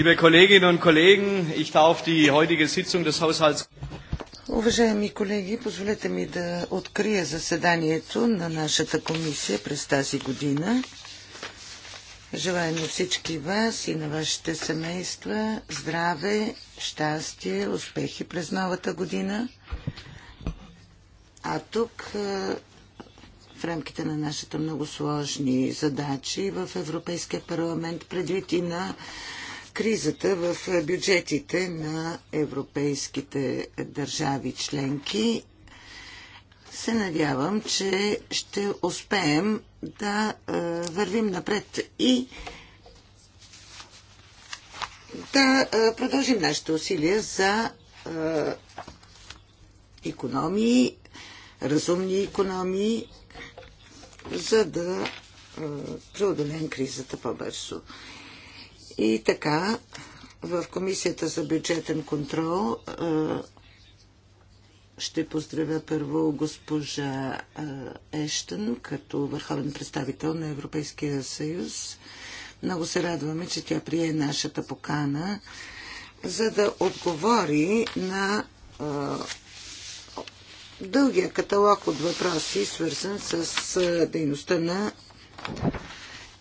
Liebe Kolleginnen und Kollegen, ich darf die heutige Sitzung des Haushalts Уважаеми колеги, позволете ми да открия заседанието на нашата комисия през тази година. Желаем на всички вас и на вашите семейства здраве, щастие, успехи през новата година. А тук е, в рамките на нашите много сложни задачи в Европейския парламент, предвид и на кризата в бюджетите на европейските държави членки. Се надявам, че ще успеем да е, вървим напред и да е, продължим нашите усилия за економии, разумни економии, за да е, преодолеем кризата по-бързо. И така, в Комисията за бюджетен контрол ще поздравя първо госпожа Ештън като върховен представител на Европейския съюз. Много се радваме, че тя прие нашата покана, за да отговори на дългия каталог от въпроси, свързан с дейността на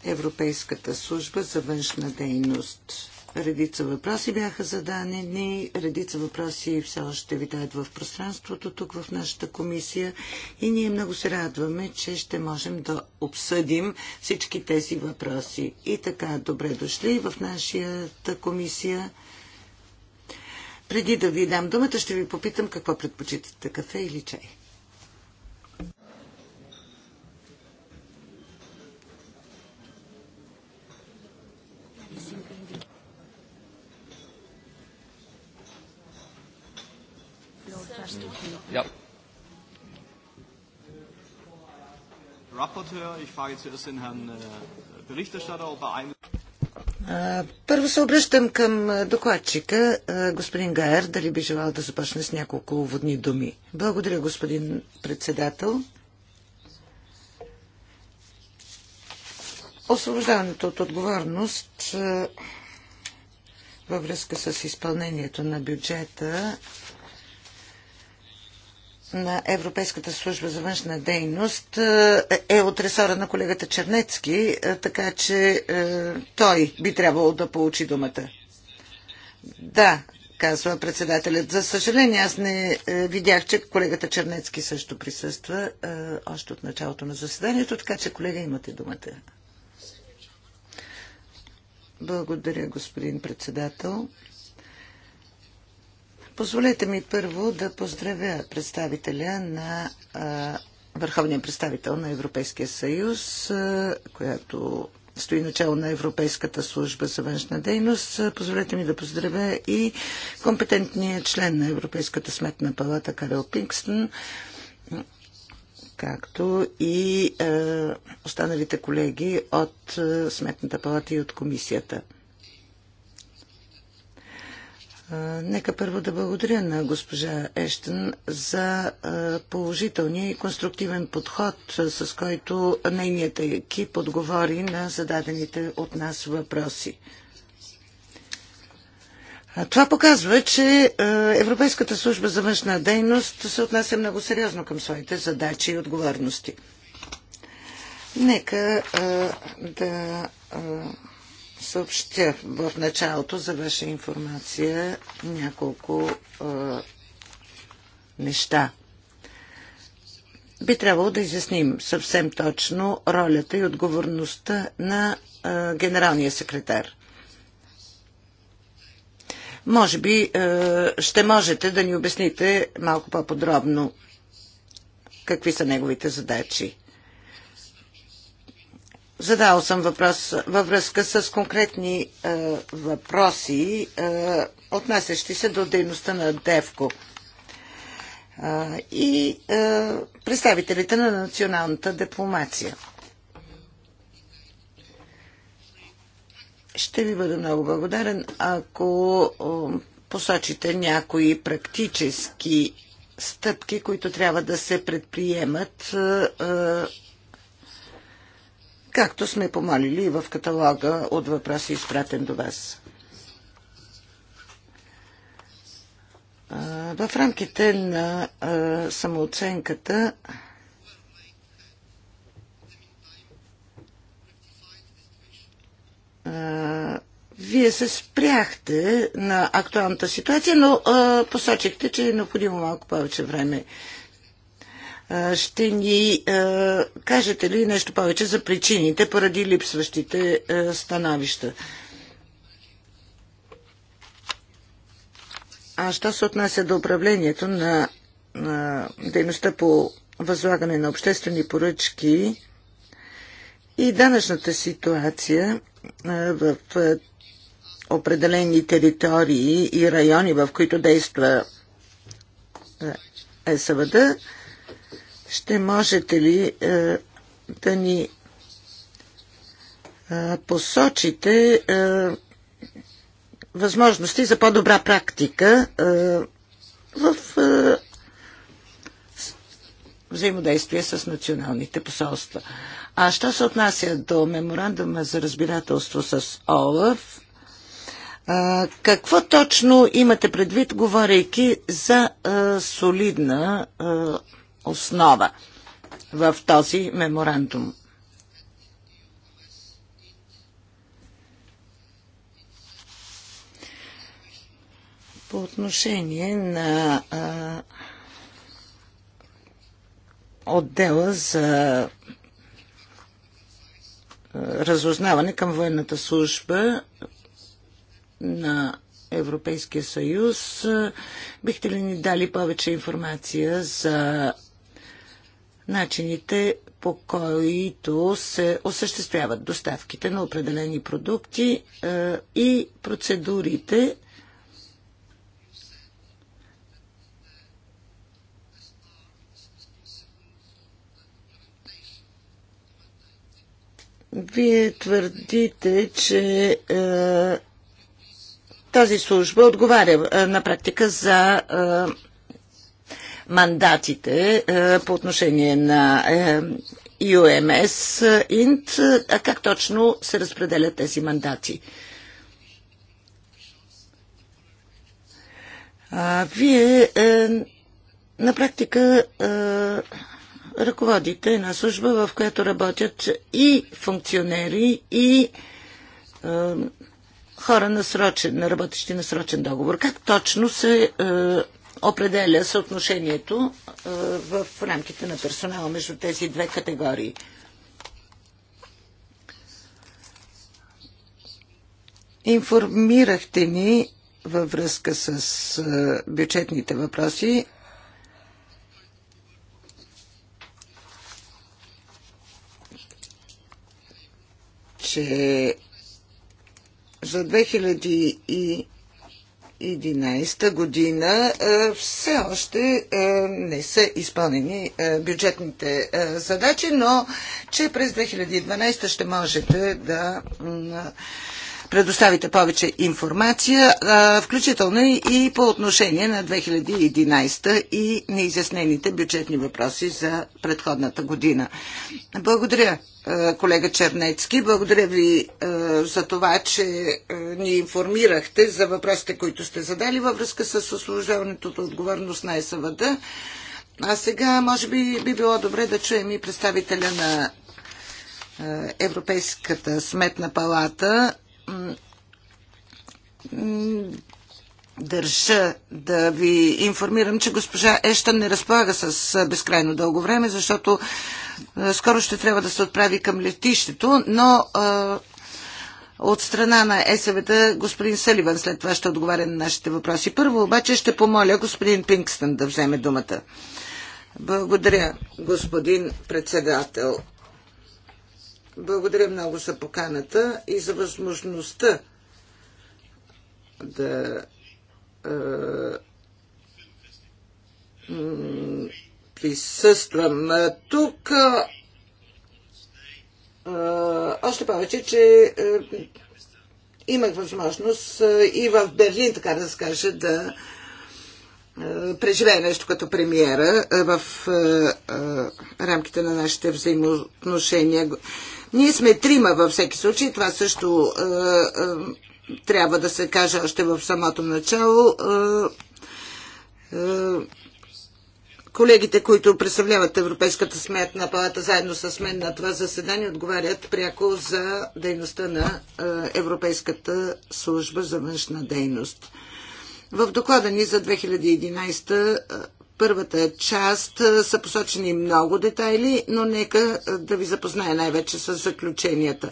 Европейската служба за външна дейност. Редица въпроси бяха зададени, редица въпроси все още витаят в пространството тук в нашата комисия и ние много се радваме, че ще можем да обсъдим всички тези въпроси. И така, добре дошли в нашата комисия. Преди да ви дам думата, ще ви попитам какво предпочитате, кафе или чай. Ja. Äh, er първо се обръщам към докладчика, господин Гайер, дали би желал да започне с няколко водни думи. Благодаря, господин председател. Освобождаването от отговорност във връзка с изпълнението на бюджета на Европейската служба за външна дейност е, е от ресора на колегата Чернецки, е, така че е, той би трябвало да получи думата. Да, казва председателят. За съжаление, аз не видях, че колегата Чернецки също присъства още от началото на заседанието, така че, колега, имате думата. Благодаря, господин председател. Позволете ми първо да поздравя представителя на Върховния представител на Европейския съюз, която стои начало на Европейската служба за външна дейност. Позволете ми да поздравя и компетентния член на Европейската сметна палата Карел Пинкстън, както и е, останалите колеги от Сметната палата и от комисията. Нека първо да благодаря на госпожа Ештън за положителния и конструктивен подход, с който нейният екип отговори на зададените от нас въпроси. Това показва, че Европейската служба за външна дейност се отнася много сериозно към своите задачи и отговорности. Нека да съобщя в началото за ваша информация няколко а, неща. Би трябвало да изясним съвсем точно ролята и отговорността на а, генералния секретар. Може би а, ще можете да ни обясните малко по-подробно какви са неговите задачи. Задал съм въпрос във връзка с конкретни е, въпроси, е, отнасящи се до дейността на ДЕВКО е, и е, представителите на националната дипломация. Ще ви бъда много благодарен, ако е, посочите някои практически стъпки, които трябва да се предприемат. Е, е както сме помолили и в каталога от въпроси, изпратен до вас. В рамките на самооценката вие се спряхте на актуалната ситуация, но посочихте, че е необходимо малко повече време ще ни кажете ли нещо повече за причините поради липсващите становища? А що се отнася до управлението на, на дейността по възлагане на обществени поръчки и данъчната ситуация в определени територии и райони, в които действа СВД, ще можете ли е, да ни е, посочите е, възможности за по-добра практика е, в е, взаимодействие с националните посолства? А що се отнася до меморандума за разбирателство с ОЛАФ, е, какво точно имате предвид, говорейки за а, е, солидна а, е, основа в този меморандум. По отношение на а, отдела за разузнаване към военната служба на Европейския съюз. Бихте ли ни дали повече информация за начините по които се осъществяват доставките на определени продукти е, и процедурите, Вие твърдите, че е, тази служба отговаря е, на практика за е, мандатите е, по отношение на е, ЮМС, ИНТ, а как точно се разпределят тези мандати? А, вие е, на практика ръководите една служба, в която работят и функционери, и хора на срочен, на работещи на срочен договор. Как точно се определя съотношението е, в рамките на персонала между тези две категории. Информирахте ни във връзка с е, бюджетните въпроси. че за 2000 и 2011 година е, все още е, не са изпълнени е, бюджетните задачи, но че през 2012 ще можете да предоставите повече информация, включително и по отношение на 2011 и неизяснените бюджетни въпроси за предходната година. Благодаря, колега Чернецки. Благодаря ви за това, че ни информирахте за въпросите, които сте задали във връзка с освобождаването от отговорност на СВД. А сега, може би, би било добре да чуем и представителя на Европейската сметна палата държа да ви информирам, че госпожа Еща не разполага с безкрайно дълго време, защото скоро ще трябва да се отправи към летището, но от страна на СВТ господин Селиван след това ще отговаря на нашите въпроси. Първо обаче ще помоля господин Пинкстън да вземе думата. Благодаря, господин председател. Благодаря много за поканата и за възможността да е, присъствам тук. Е, още повече, че е, имах възможност и в Берлин, така да се каже, да преживее нещо като премиера в рамките на нашите взаимоотношения. Ние сме трима във всеки случай, това също е, е, трябва да се каже още в самото начало. Е, е колегите, които представляват Европейската сметна палата заедно с мен на това заседание, отговарят пряко за дейността на е, Европейската служба за външна дейност. В доклада ни за 2011 първата част са посочени много детайли, но нека да ви запозная най-вече с заключенията.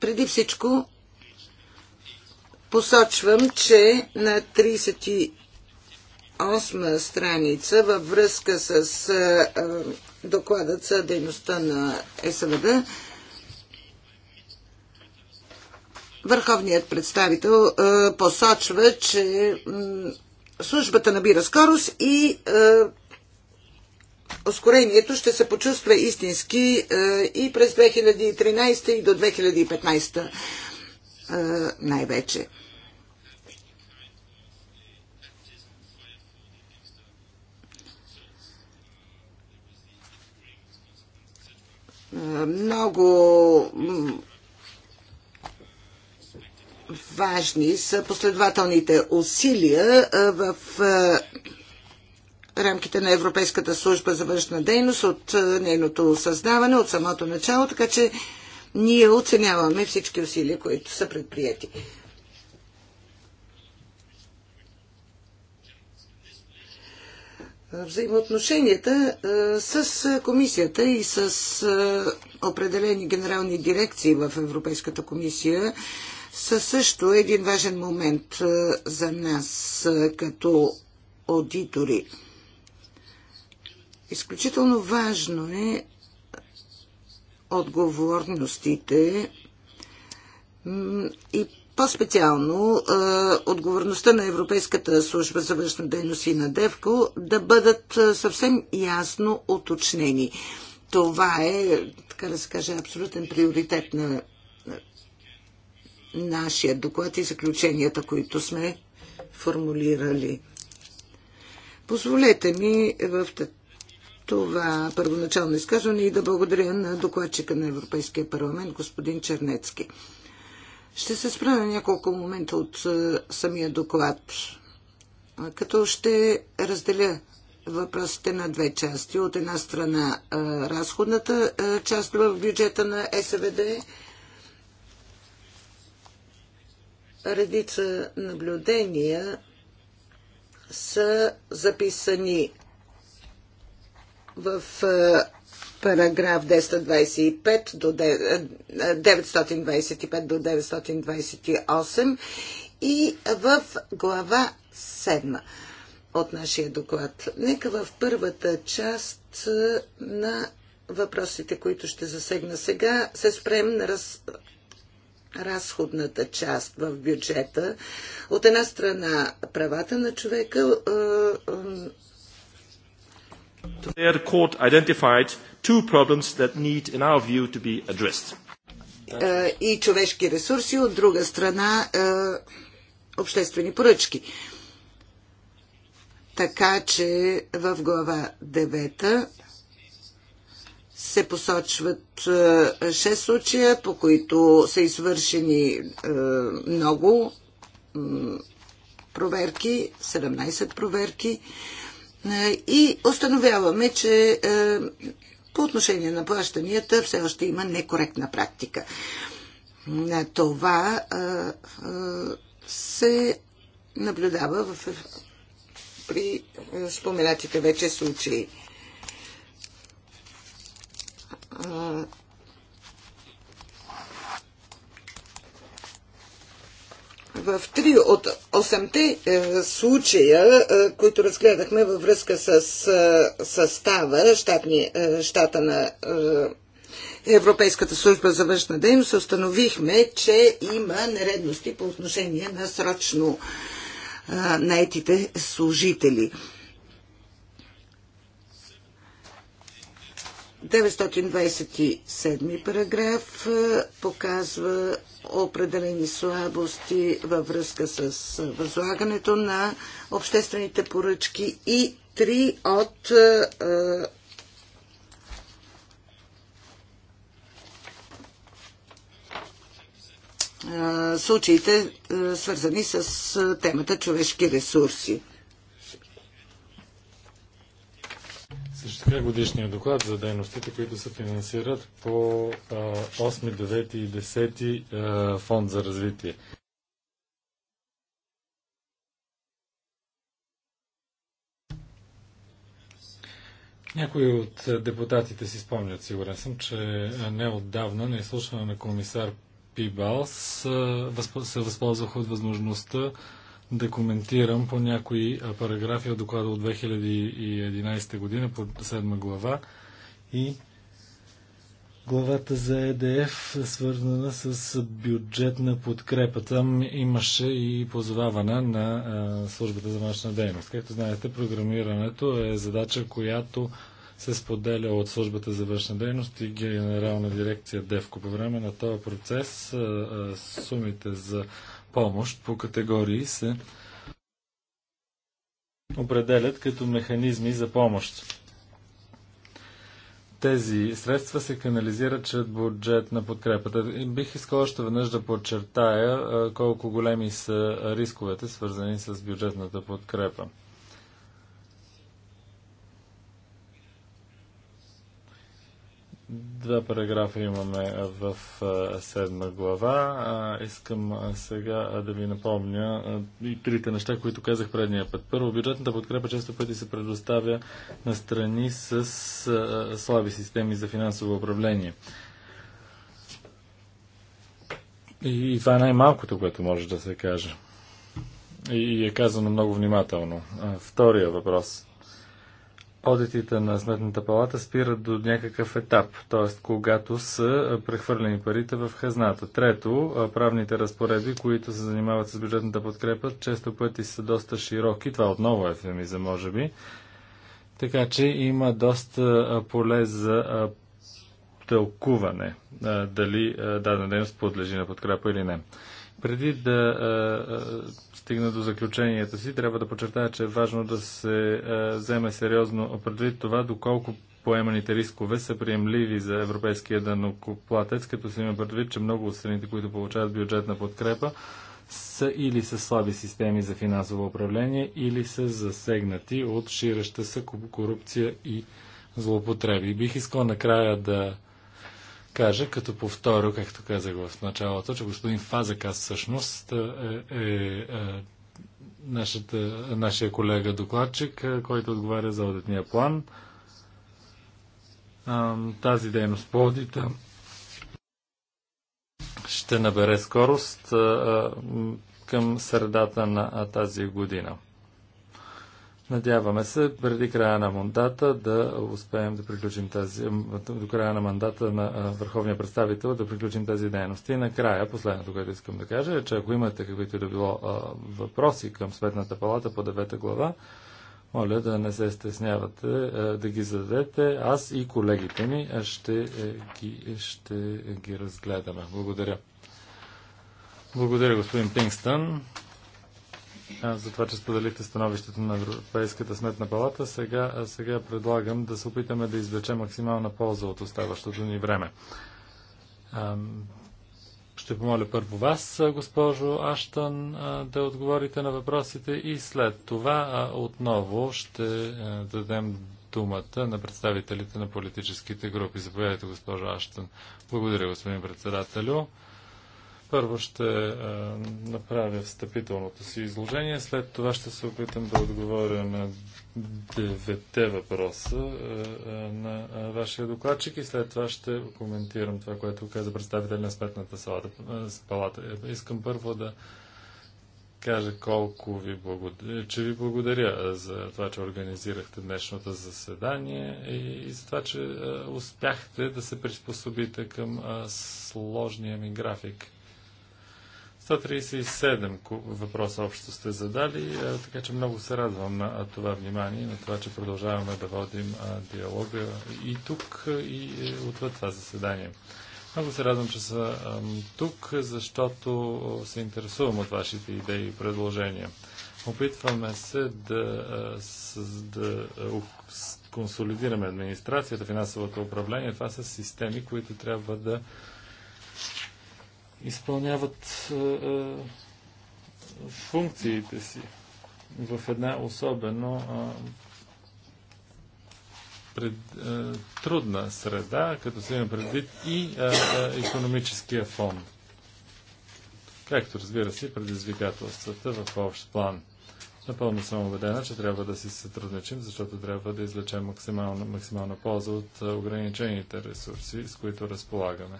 Преди всичко посочвам, че на 38 страница във връзка с докладът за дейността на СВД Върховният представител посочва, че службата набира скорост и е, ускорението ще се почувства истински е, и през 2013 и до 2015 е, най-вече. Е, много важни са последователните усилия в рамките на Европейската служба за външна дейност от нейното създаване, от самото начало, така че ние оценяваме всички усилия, които са предприяти. Взаимоотношенията с комисията и с определени генерални дирекции в Европейската комисия са също един важен момент е, за нас е, като аудитори. Изключително важно е отговорностите и по-специално е, отговорността на Европейската служба за външна дейност и на ДЕВКО да бъдат съвсем ясно уточнени. Това е, така да се каже, абсолютен приоритет на нашия доклад и заключенията, които сме формулирали. Позволете ми в това първоначално изказване и да благодаря на докладчика на Европейския парламент, господин Чернецки. Ще се спра на няколко момента от е, самия доклад, като ще разделя въпросите на две части. От една страна е, разходната е, част в бюджета на СВД редица наблюдения са записани в е, параграф 1025 до 925 е, до 928 и в глава 7 от нашия доклад. Нека в първата част е, на въпросите, които ще засегна сега, се спрем на раз разходната част в бюджета. От една страна правата на човека. court identified two problems that need, in our view, to be addressed. И човешки ресурси, от друга страна обществени поръчки. Така че в глава се посочват 6 е, случая, по които са извършени е, много проверки, 17 проверки е, и установяваме, че по отношение на плащанията все още има некоректна практика. На това се наблюдава в, при споменатите вече случаи в три от 8-те е, случая, е, които разгледахме във връзка с е, състава, щатни, щата на Европейската служба за външна дейност, установихме, че има нередности по отношение на срочно наетите служители. 927 параграф е, показва определени слабости във връзка с възлагането на обществените поръчки и три от е, е, случаите, свързани с темата човешки ресурси. Също така е годишния доклад за дейностите, които се финансират по 8, 9 и 10 фонд за развитие. Някои от депутатите си спомнят, сигурен съм, че не отдавна на изслушване на комисар Пибалс се възползвах от възможността да коментирам по някои параграфи от доклада от 2011 година по 7 глава и главата за ЕДФ, свързана с бюджетна подкрепа. Там имаше и позоваване на а, службата за външна дейност. Както знаете, програмирането е задача, която се споделя от службата за външна дейност и генерална дирекция ДЕВКО. По време на този процес а, а, сумите за помощ по категории се определят като механизми за помощ. Тези средства се канализират чрез бюджет на подкрепата. Бих искал още веднъж да подчертая колко големи са рисковете, свързани с бюджетната подкрепа. Два параграфа имаме в седма глава. Искам сега да ви напомня и трите неща, които казах предния път. Първо, бюджетната подкрепа често пъти се предоставя на страни с слаби системи за финансово управление. И това е най-малкото, което може да се каже. И е казано много внимателно. Втория въпрос – Одитите на Сметната палата спират до някакъв етап, т.е. когато са прехвърлени парите в хазната. Трето, правните разпоредби, които се занимават с бюджетната подкрепа, често пъти са доста широки. Това отново е фемиза, може би. Така че има доста поле за тълкуване дали дадена дейност подлежи на подкрепа или не. Преди да а, а, стигна до заключенията си, трябва да подчертая, че е важно да се а, вземе сериозно предвид това, доколко поеманите рискове са приемливи за европейския данокоплатец, като се има предвид, че много от страните, които получават бюджетна подкрепа, са или са слаби системи за финансово управление, или са засегнати от ширеща се корупция и злоупотреби. Бих искал накрая да кажа, като повторя, както казах в началото, че господин Фазакас всъщност е, е, е нашата, нашия колега докладчик, е, който отговаря за одетния план. Тази дейност по одита ще набере скорост към средата на тази година. Надяваме се преди края на мандата да успеем да приключим тази, до края на мандата на върховния представител да приключим тези дейности. И накрая, последното, което искам да кажа е, че ако имате каквито да било въпроси към Светната палата по девета глава, моля да не се стеснявате да ги зададете. Аз и колегите ми ще, е, ги, ще ги разгледаме. Благодаря. Благодаря, господин Пингстън за това, че споделихте становището на Европейската сметна палата. Сега, сега предлагам да се опитаме да извлечем максимална полза от оставащото ни време. Ще помоля първо вас, госпожо Аштан, да отговорите на въпросите и след това отново ще дадем думата на представителите на политическите групи. Заповядайте, госпожо Аштан. Благодаря, господин председателю. Първо ще е, направя встъпителното си изложение, след това ще се опитам да отговоря на девете въпроса е, е, на вашия докладчик и след това ще коментирам това, което каза представител на Сметната салата, палата. Искам първо да кажа колко ви благодаря, че ви благодаря за това, че организирахте днешното заседание и, за това, че успяхте да се приспособите към сложния ми график. 137 въпроса общо сте задали, така че много се радвам на това внимание, на това, че продължаваме да водим диалога и тук, и е, отвъд това заседание. Много се радвам, че са тук, защото се интересувам от вашите идеи и предложения. Опитваме се да, да консолидираме администрацията, финансовото управление. Това са системи, които трябва да изпълняват е, е, функциите си в една особено пред, е, трудна среда, като се има предвид и е, е, економическия фон. Както разбира се, предизвикателствата в общ план. Напълно съм убедена, че трябва да си сътрудничим, защото трябва да излечем максимална полза от е, ограничените ресурси, с които разполагаме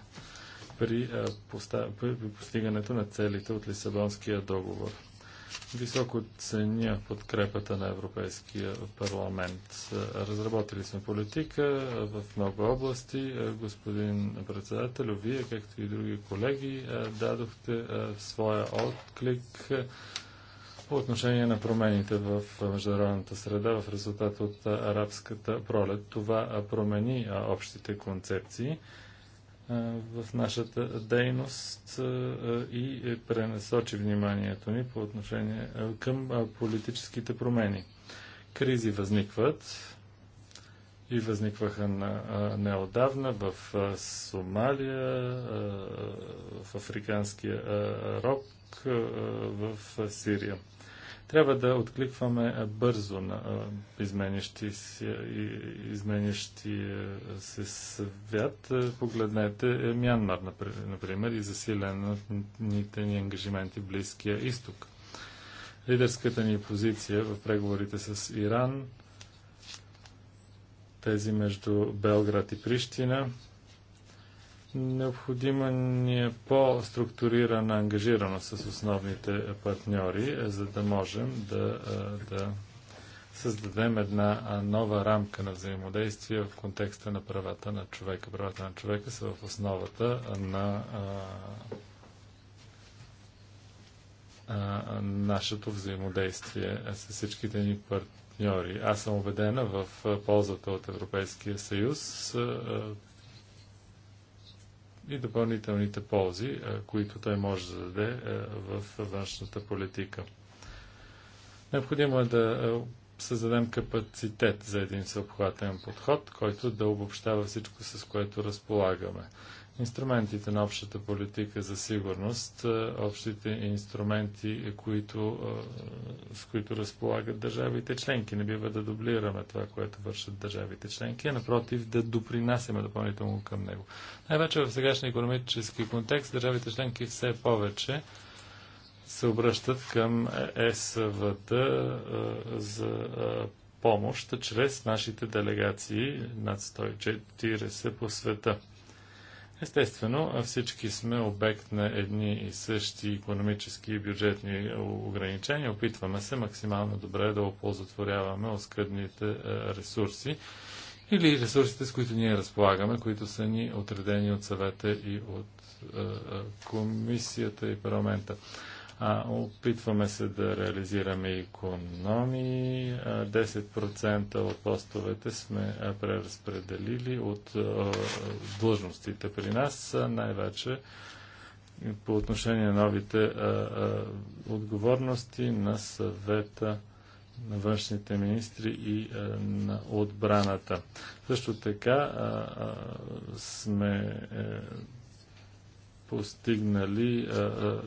при, е, поста... при постигането на целите от Лисабонския договор. Високо ценя подкрепата на Европейския парламент. Е, разработили сме политика е, в много области. Господин председател, вие, както и други колеги, дадохте своя отклик по отношение на промените в международната среда в резултат от арабската пролет. Това промени общите концепции в нашата дейност и е пренасочи вниманието ни по отношение към политическите промени. Кризи възникват и възникваха неодавна в Сомалия, в Африканския рок, в Сирия. Трябва да откликваме бързо на изменящи се, изменящи се свят. Погледнете е, Мянмар, например, и засилените ни ангажименти в Близкия изток. Лидерската ни позиция в преговорите с Иран, тези между Белград и Прищина, Необходима ни е по-структурирана ангажираност с основните партньори, е, за да можем да, е, да създадем една нова рамка на взаимодействие в контекста на правата на човека. Правата на човека са в основата на нашето взаимодействие е, с всичките ни партньори. Аз съм убедена в ползата от Европейския съюз и допълнителните ползи, е, които той може да даде е, в външната политика. Необходимо е да е, създадем капацитет за един съобхватен подход, който да обобщава всичко, с което разполагаме инструментите на общата политика за сигурност, е, общите инструменти, е, които, е, с които разполагат държавите членки. Не бива да дублираме това, което вършат държавите членки, а напротив да допринасяме допълнително към него. Най-вече в сегашния економически контекст държавите членки все повече се обръщат към ЕСВД за помощ чрез нашите делегации над 140 по света. Естествено, всички сме обект на едни и същи економически и бюджетни ограничения. Опитваме се максимално добре да оползотворяваме оскъдните е, ресурси или ресурсите, с които ние разполагаме, които са ни отредени от съвета и от е, е, комисията и парламента. А, опитваме се да реализираме економии. 10% от постовете сме преразпределили от а, длъжностите при нас, най-вече по отношение на новите а, а, отговорности на съвета на външните министри и а, на отбраната. Също така а, а, сме е, постигнали а,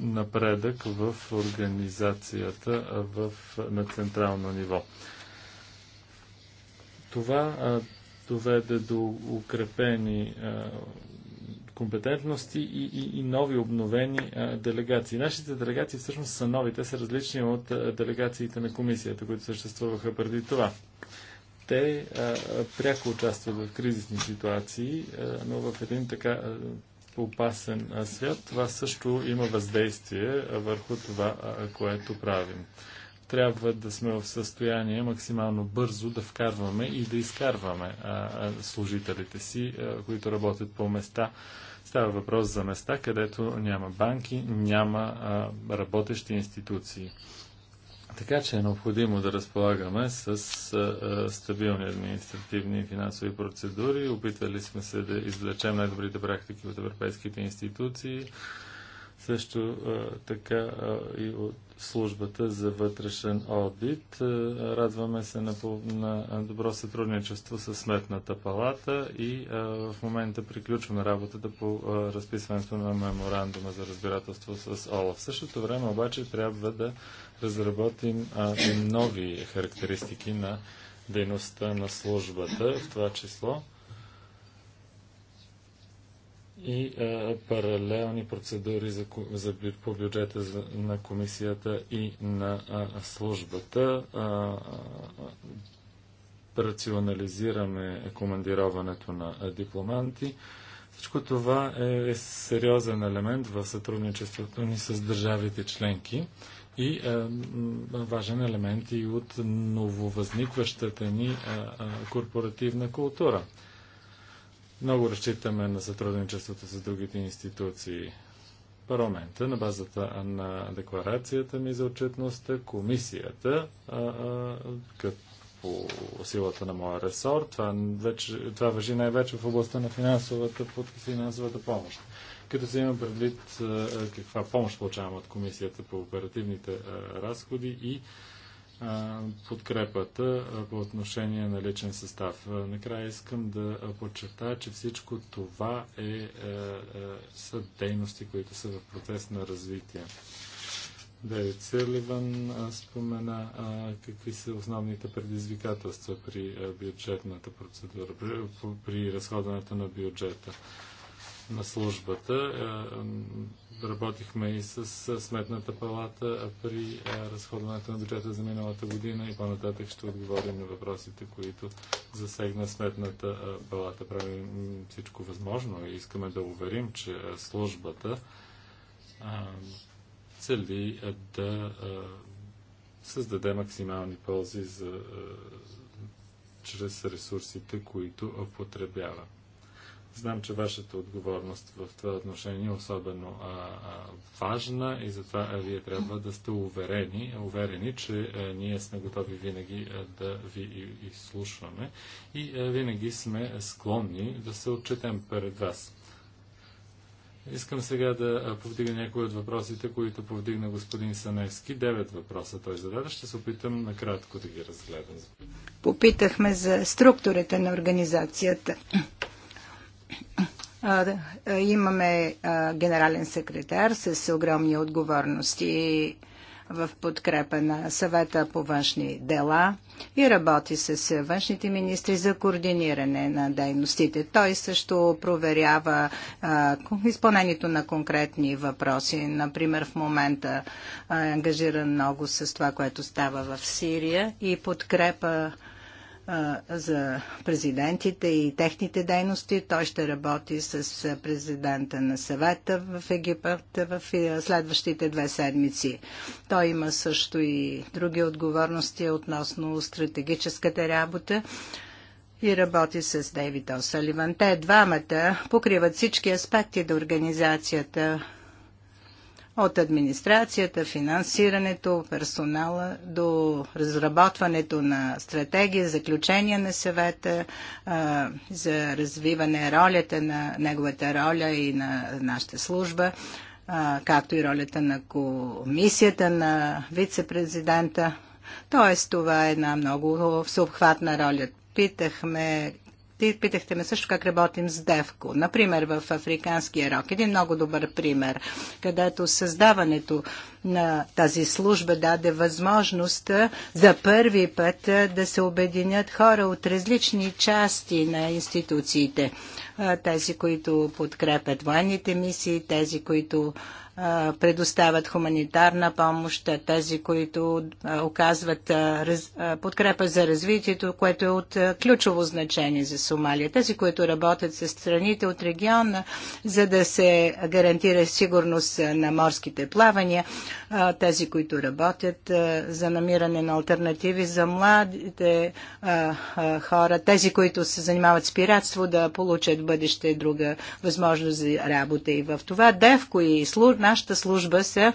напредък в организацията в, на централно ниво. Това а, доведе до укрепени а, компетентности и, и, и нови обновени а, делегации. Нашите делегации всъщност са нови, те са различни от а, делегациите на комисията, които съществуваха преди това. Те а, пряко участват в кризисни ситуации, а, но в един така а, опасен свят, това също има въздействие върху това, което правим. Трябва да сме в състояние максимално бързо да вкарваме и да изкарваме служителите си, които работят по места. Става въпрос за места, където няма банки, няма работещи институции. Така че е необходимо да разполагаме с а, стабилни административни и финансови процедури. Опитвали сме се да извлечем най-добрите практики от европейските институции, също а, така а, и от службата за вътрешен одит. Радваме се на, на добро сътрудничество с Сметната палата и а, в момента приключваме работата по а, разписването на меморандума за разбирателство с ОЛАФ. В същото време обаче трябва да разработим а, нови характеристики на дейността на службата, в това число и а, паралелни процедури за, за, по бюджета за, на комисията и на а, службата. А, рационализираме командироването на дипломанти всичко това е сериозен елемент в сътрудничеството ни с държавите членки и е, важен елемент и от нововъзникващата ни е, е, корпоративна култура. Много разчитаме на сътрудничеството с другите институции. Парламента на базата на декларацията ми за отчетността, комисията а, е, а, е, като по силата на моя ресор. Това, вече, това въжи най-вече в областта на финансовата, под финансовата помощ. Като се има предвид каква помощ получавам от Комисията по оперативните разходи и подкрепата по отношение на личен състав. Накрая искам да подчертая, че всичко това е, е, са дейности, които са в процес на развитие. Дейвид Силиван спомена а, какви са основните предизвикателства при а, бюджетната процедура, при, при разходването на бюджета на службата. А, работихме и с Сметната палата при разходването на бюджета за миналата година и по-нататък ще отговорим на въпросите, които засегна Сметната палата. Правим всичко възможно и искаме да уверим, че службата цели да създаде максимални ползи за, чрез ресурсите, които употребява. Знам, че вашата отговорност в това отношение е особено а, а, важна и затова а, вие трябва да сте уверени, уверени че а, ние сме готови винаги а, да ви изслушваме и а, винаги сме склонни да се отчетем пред вас. Искам сега да повдигна някои от въпросите, които повдигна господин Саневски. Девет въпроса той зададе. Ще се опитам накратко да ги разгледам. Попитахме за структурата на организацията. Имаме генерален секретар с огромни отговорности в подкрепа на съвета по външни дела и работи с външните министри за координиране на дейностите. Той също проверява а, изпълнението на конкретни въпроси. Например, в момента е ангажиран много с това, което става в Сирия и подкрепа за президентите и техните дейности. Той ще работи с президента на съвета в Египет в следващите две седмици. Той има също и други отговорности относно стратегическата работа и работи с Дейвид О'Саливан. Те двамата покриват всички аспекти на организацията от администрацията, финансирането, персонала до разработването на стратегия, заключения на съвета а, за развиване ролята на неговата роля и на нашата служба, а, както и ролята на комисията на вице-президента. Тоест, това е една много всеобхватна роля питахме ти питахте ме също как работим с Девко. Например, в Африканския рок. Един много добър пример, където създаването на тази служба даде възможност за първи път да се обединят хора от различни части на институциите. Тези, които подкрепят военните мисии, тези, които предоставят хуманитарна помощ, тези, които оказват подкрепа за развитието, което е от ключово значение за Сомалия. Тези, които работят с страните от региона, за да се гарантира сигурност на морските плавания, тези, които работят за намиране на альтернативи за младите хора, тези, които се занимават с пиратство, да получат в бъдеще друга възможност за работа. И в това Девко и служба нашата служба са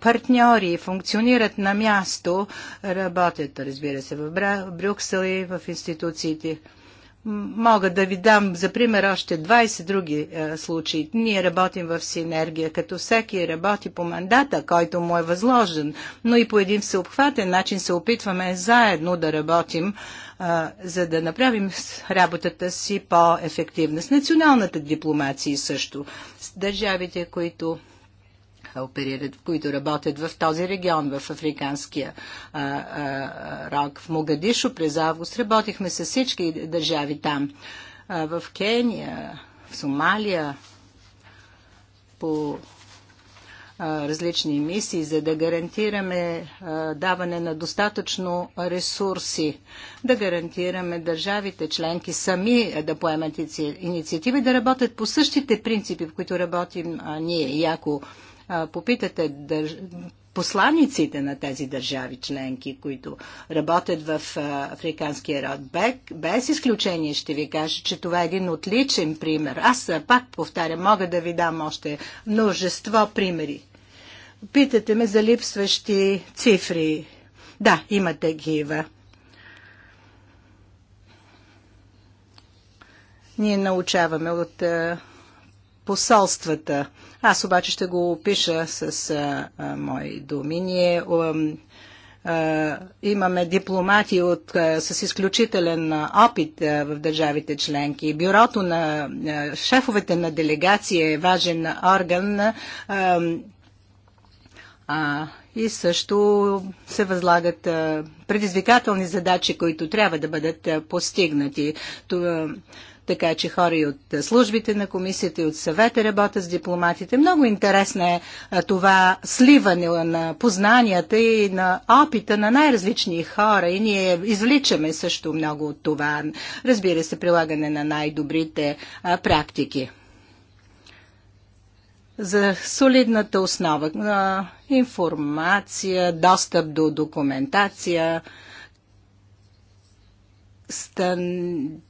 партньори, функционират на място, работят, разбира се, в Брюксел и в институциите. Мога да ви дам за пример още 20 други е, случаи. Ние работим в синергия, като всеки работи по мандата, който му е възложен, но и по един всеобхватен начин се опитваме заедно да работим, е, за да направим работата си по-ефективна. С националната дипломация също. С държавите, които оперират, които работят в този регион, в Африканския а, а, рок. В Могадишо през август работихме с всички държави там. А, в Кения, в Сомалия, по различни мисии, за да гарантираме даване на достатъчно ресурси, да гарантираме държавите членки сами да поемат инициативи, да работят по същите принципи, в които работим ние. И ако попитате държ... посланиците на тези държави членки, които работят в африканския род, без изключение ще ви кажа, че това е един отличен пример. Аз пак повтарям, мога да ви дам още множество примери. Питате ме за липсващи цифри. Да, има такива. Ние научаваме от посолствата аз обаче ще го опиша с а, а, мои думи. Ние а, а, имаме дипломати от, а, с изключителен опит а, в държавите членки. Бюрото на а, шефовете на делегация е важен орган. А, а, и също се възлагат предизвикателни задачи, които трябва да бъдат постигнати. Това, така че хора и от е, службите на комисията и от съвета работят с дипломатите. Много интересно е, е това сливане на познанията и на опита на най-различни хора и ние извличаме също много от това. Разбира се, прилагане на най-добрите е, практики за солидната основа на информация, достъп до документация, стандарт,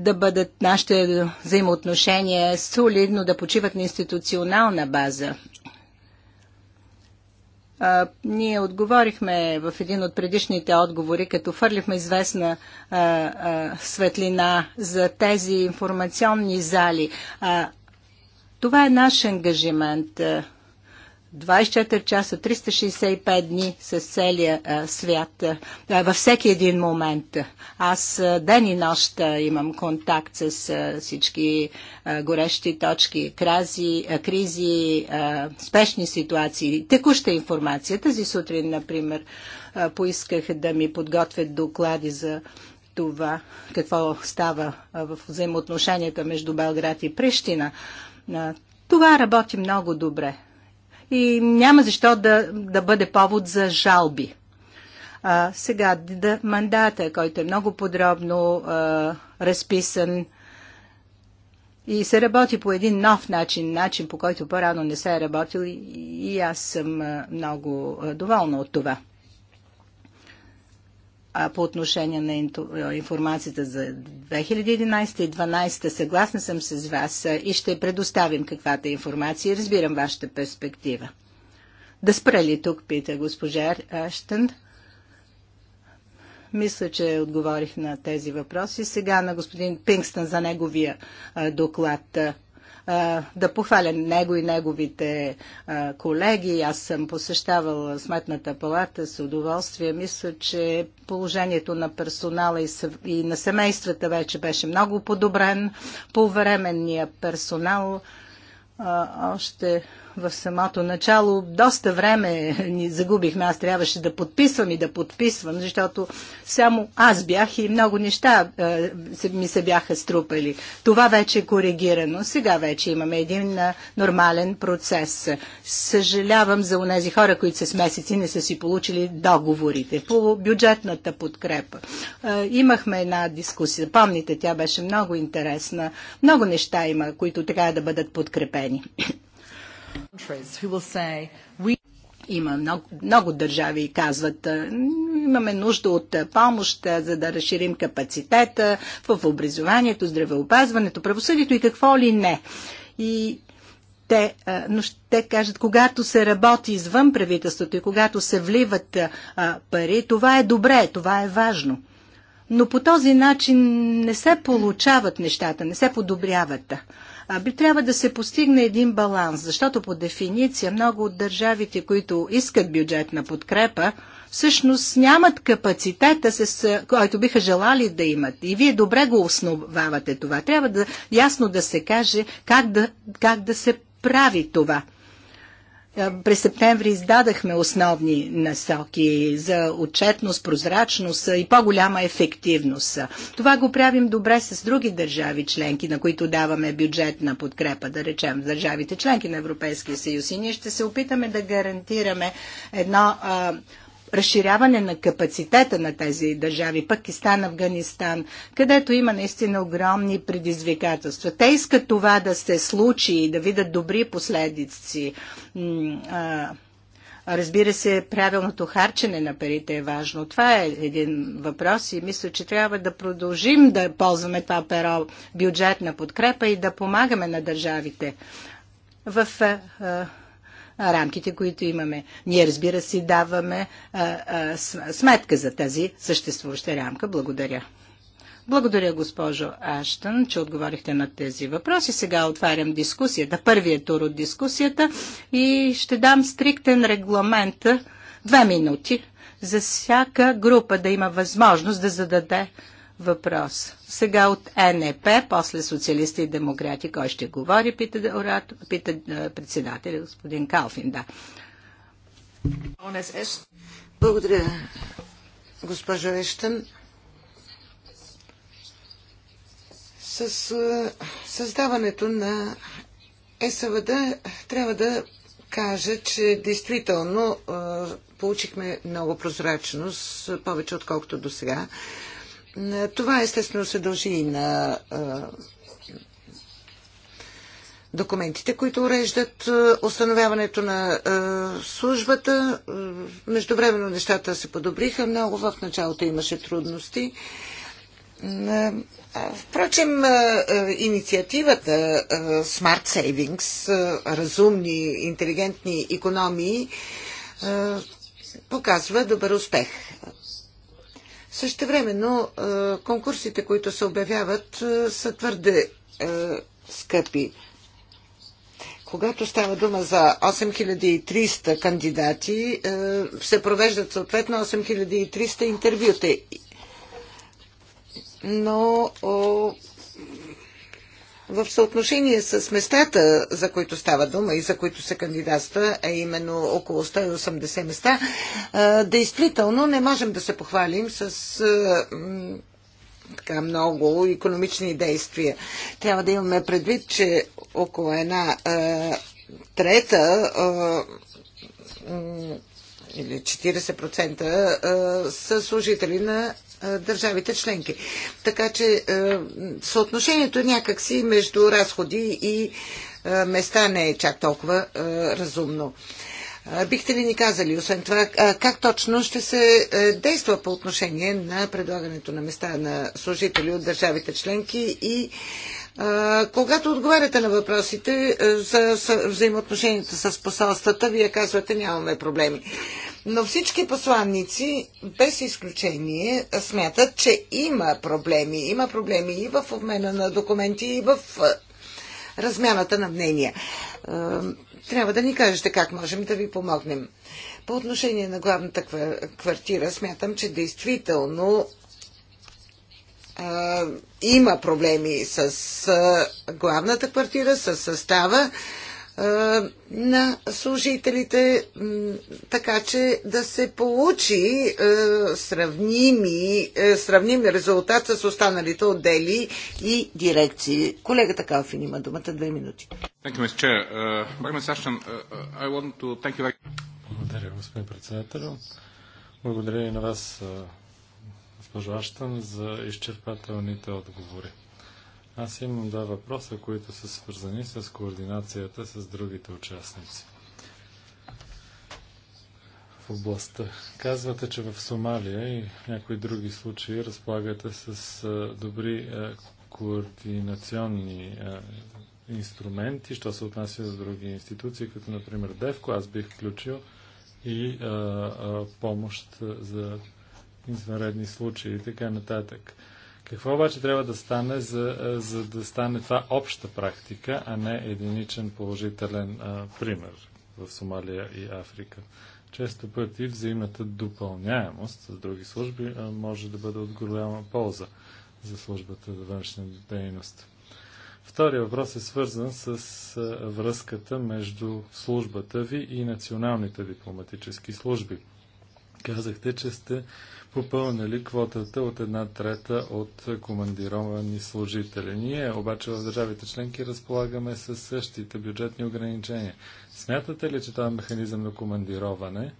да бъдат нашите взаимоотношения солидно, да почиват на институционална база. А, ние отговорихме в един от предишните отговори, като фърлихме известна а, а, светлина за тези информационни зали. А, това е наш ангажимент. А, 24 часа, 365 дни с целия а, свят, а, във всеки един момент. Аз а, ден и нощ а, имам контакт с а, всички а, горещи точки, крази, а, кризи, а, спешни ситуации, текуща информация. Тази сутрин, например, а, поисках да ми подготвят доклади за това какво става а, в взаимоотношенията между Белград и Прищина. А, това работи много добре и няма защо да, да бъде повод за жалби. А, сега, да, мандата, който е много подробно а, разписан и се работи по един нов начин, начин по който по-рано не се е работил и, и аз съм а, много а, доволна от това а по отношение на е, информацията за 2011 и 2012, съгласна съм с вас е, и ще предоставим каквата е информация. и Разбирам вашата перспектива. Да спре ли тук, пита госпожа Аштън. Мисля, че отговорих на тези въпроси. Сега на господин Пингстън за неговия доклад да похваля него и неговите колеги. Аз съм посещавал Сметната палата с удоволствие. Мисля, че положението на персонала и на семействата вече беше много подобрен. По временния персонал още в самото начало доста време ни загубихме. Аз трябваше да подписвам и да подписвам, защото само аз бях и много неща е, ми се бяха струпали. Това вече е коригирано. Сега вече имаме един е, нормален процес. Съжалявам за унези хора, които с месеци не са си получили договорите по бюджетната подкрепа. Е, имахме една дискусия. Помните, тя беше много интересна. Много неща има, които трябва да бъдат подкрепени. Има много, много държави, казват, имаме нужда от помощ, за да разширим капацитета в образованието, здравеопазването, правосъдието и какво ли не. И те, но те кажат, когато се работи извън правителството и когато се вливат пари, това е добре, това е важно. Но по този начин не се получават нещата, не се подобряват би трябва да се постигне един баланс, защото по дефиниция много от държавите, които искат бюджетна подкрепа, всъщност нямат капацитета, с, който биха желали да имат. И вие добре го основавате това. Трябва да, ясно да се каже как да, как да се прави това. Е, през септември издадахме основни насоки за отчетност, прозрачност и по-голяма ефективност. Това го правим добре с други държави членки, на които даваме бюджетна подкрепа, да речем държавите членки на Европейския съюз. И ние ще се опитаме да гарантираме едно а, разширяване на капацитета на тези държави, Пакистан, Афганистан, където има наистина огромни предизвикателства. Те искат това да се случи и да видят добри последици. Разбира се, правилното харчене на парите е важно. Това е един въпрос и мисля, че трябва да продължим да ползваме това перо бюджетна подкрепа и да помагаме на държавите. В рамките, които имаме. Ние, разбира се, даваме а, а, сметка за тази съществуваща рамка. Благодаря. Благодаря, госпожо Аштън, че отговорихте на тези въпроси. Сега отварям дискусията, Първия тур от дискусията и ще дам стриктен регламент две минути за всяка група да има възможност да зададе въпрос. Сега от НЕП, после социалисти и демократи, кой ще говори, пита, орат, пита е, председателя господин Калфин. Да. Благодаря, госпожо Ещен. С е, създаването на СВД трябва да кажа, че действително е, получихме много прозрачност, повече отколкото до сега. Е, това естествено се дължи и на е, документите, които уреждат е, установяването на службата. Междувременно нещата се подобриха много. В началото имаше трудности. Впрочем, инициативата Smart Savings, разумни, интелигентни економии, показва добър успех. Също е, конкурсите, които се обявяват, е, са твърде е, скъпи. Когато става дума за 8300 кандидати, се провеждат съответно 8300 интервюта. Но в съотношение с местата, за които става дума и за които се кандидатства, а именно около 180 места, действително не можем да се похвалим с така много економични действия. Трябва да имаме предвид, че около една трета или 40% са служители на държавите членки. Така че съотношението някакси между разходи и места не е чак толкова разумно. Бихте ли ни казали, освен това, как точно ще се действа по отношение на предлагането на места на служители от държавите членки и когато отговаряте на въпросите е, за взаимоотношенията с посолствата, вие казвате нямаме проблеми. Но всички посланници, без изключение, смятат, че има проблеми. Има проблеми и в обмена на документи, и в е, размяната на мнения. Е, трябва да ни кажете как можем да ви помогнем. По отношение на главната квартира, смятам, че действително има проблеми с а, главната квартира, с състава а, на служителите, така че да се получи а, сравними, а, сравним резултат с останалите отдели и дирекции. Колегата Калфин има думата две минути. Uh, uh, uh, Благодаря, господин председател. Благодаря и на вас, госпожо Аштан за изчерпателните отговори. Аз имам два въпроса, които са свързани с координацията с другите участници в областта. Казвате, че в Сомалия и в някои други случаи разполагате с добри координационни инструменти, що се отнася за други институции, като например ДЕВКО. Аз бих включил и а, а, помощ за извънредни случаи и така нататък. Какво обаче трябва да стане, за, за да стане това обща практика, а не единичен положителен а, пример в Сомалия и Африка? Често пъти взаимната допълняемост с други служби а, може да бъде от голяма полза за службата за външна дейност. Втория въпрос е свързан с а, връзката между службата ви и националните дипломатически служби. Казахте, че сте попълнили квотата от една трета от командировани служители. Ние обаче в държавите членки разполагаме със същите бюджетни ограничения. Смятате ли, че това е механизъм на командироване,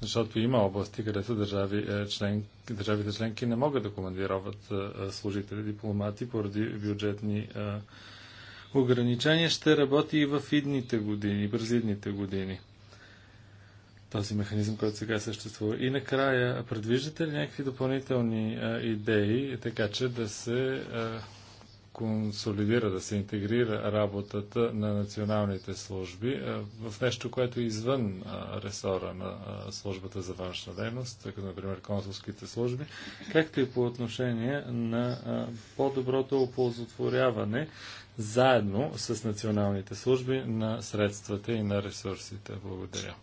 защото има области, където държави, е, член, държавите членки не могат да командироват е, е, служители, дипломати поради бюджетни ограничения, ще работи и в идните години, през идните години? този механизъм, който сега съществува. И накрая, предвиждате ли някакви допълнителни а, идеи, така че да се а, консолидира, да се интегрира работата на националните служби а, в нещо, което е извън а, ресора на а, службата за външна дейност, като например консулските служби, както и по отношение на по-доброто оползотворяване заедно с националните служби на средствата и на ресурсите. Благодаря.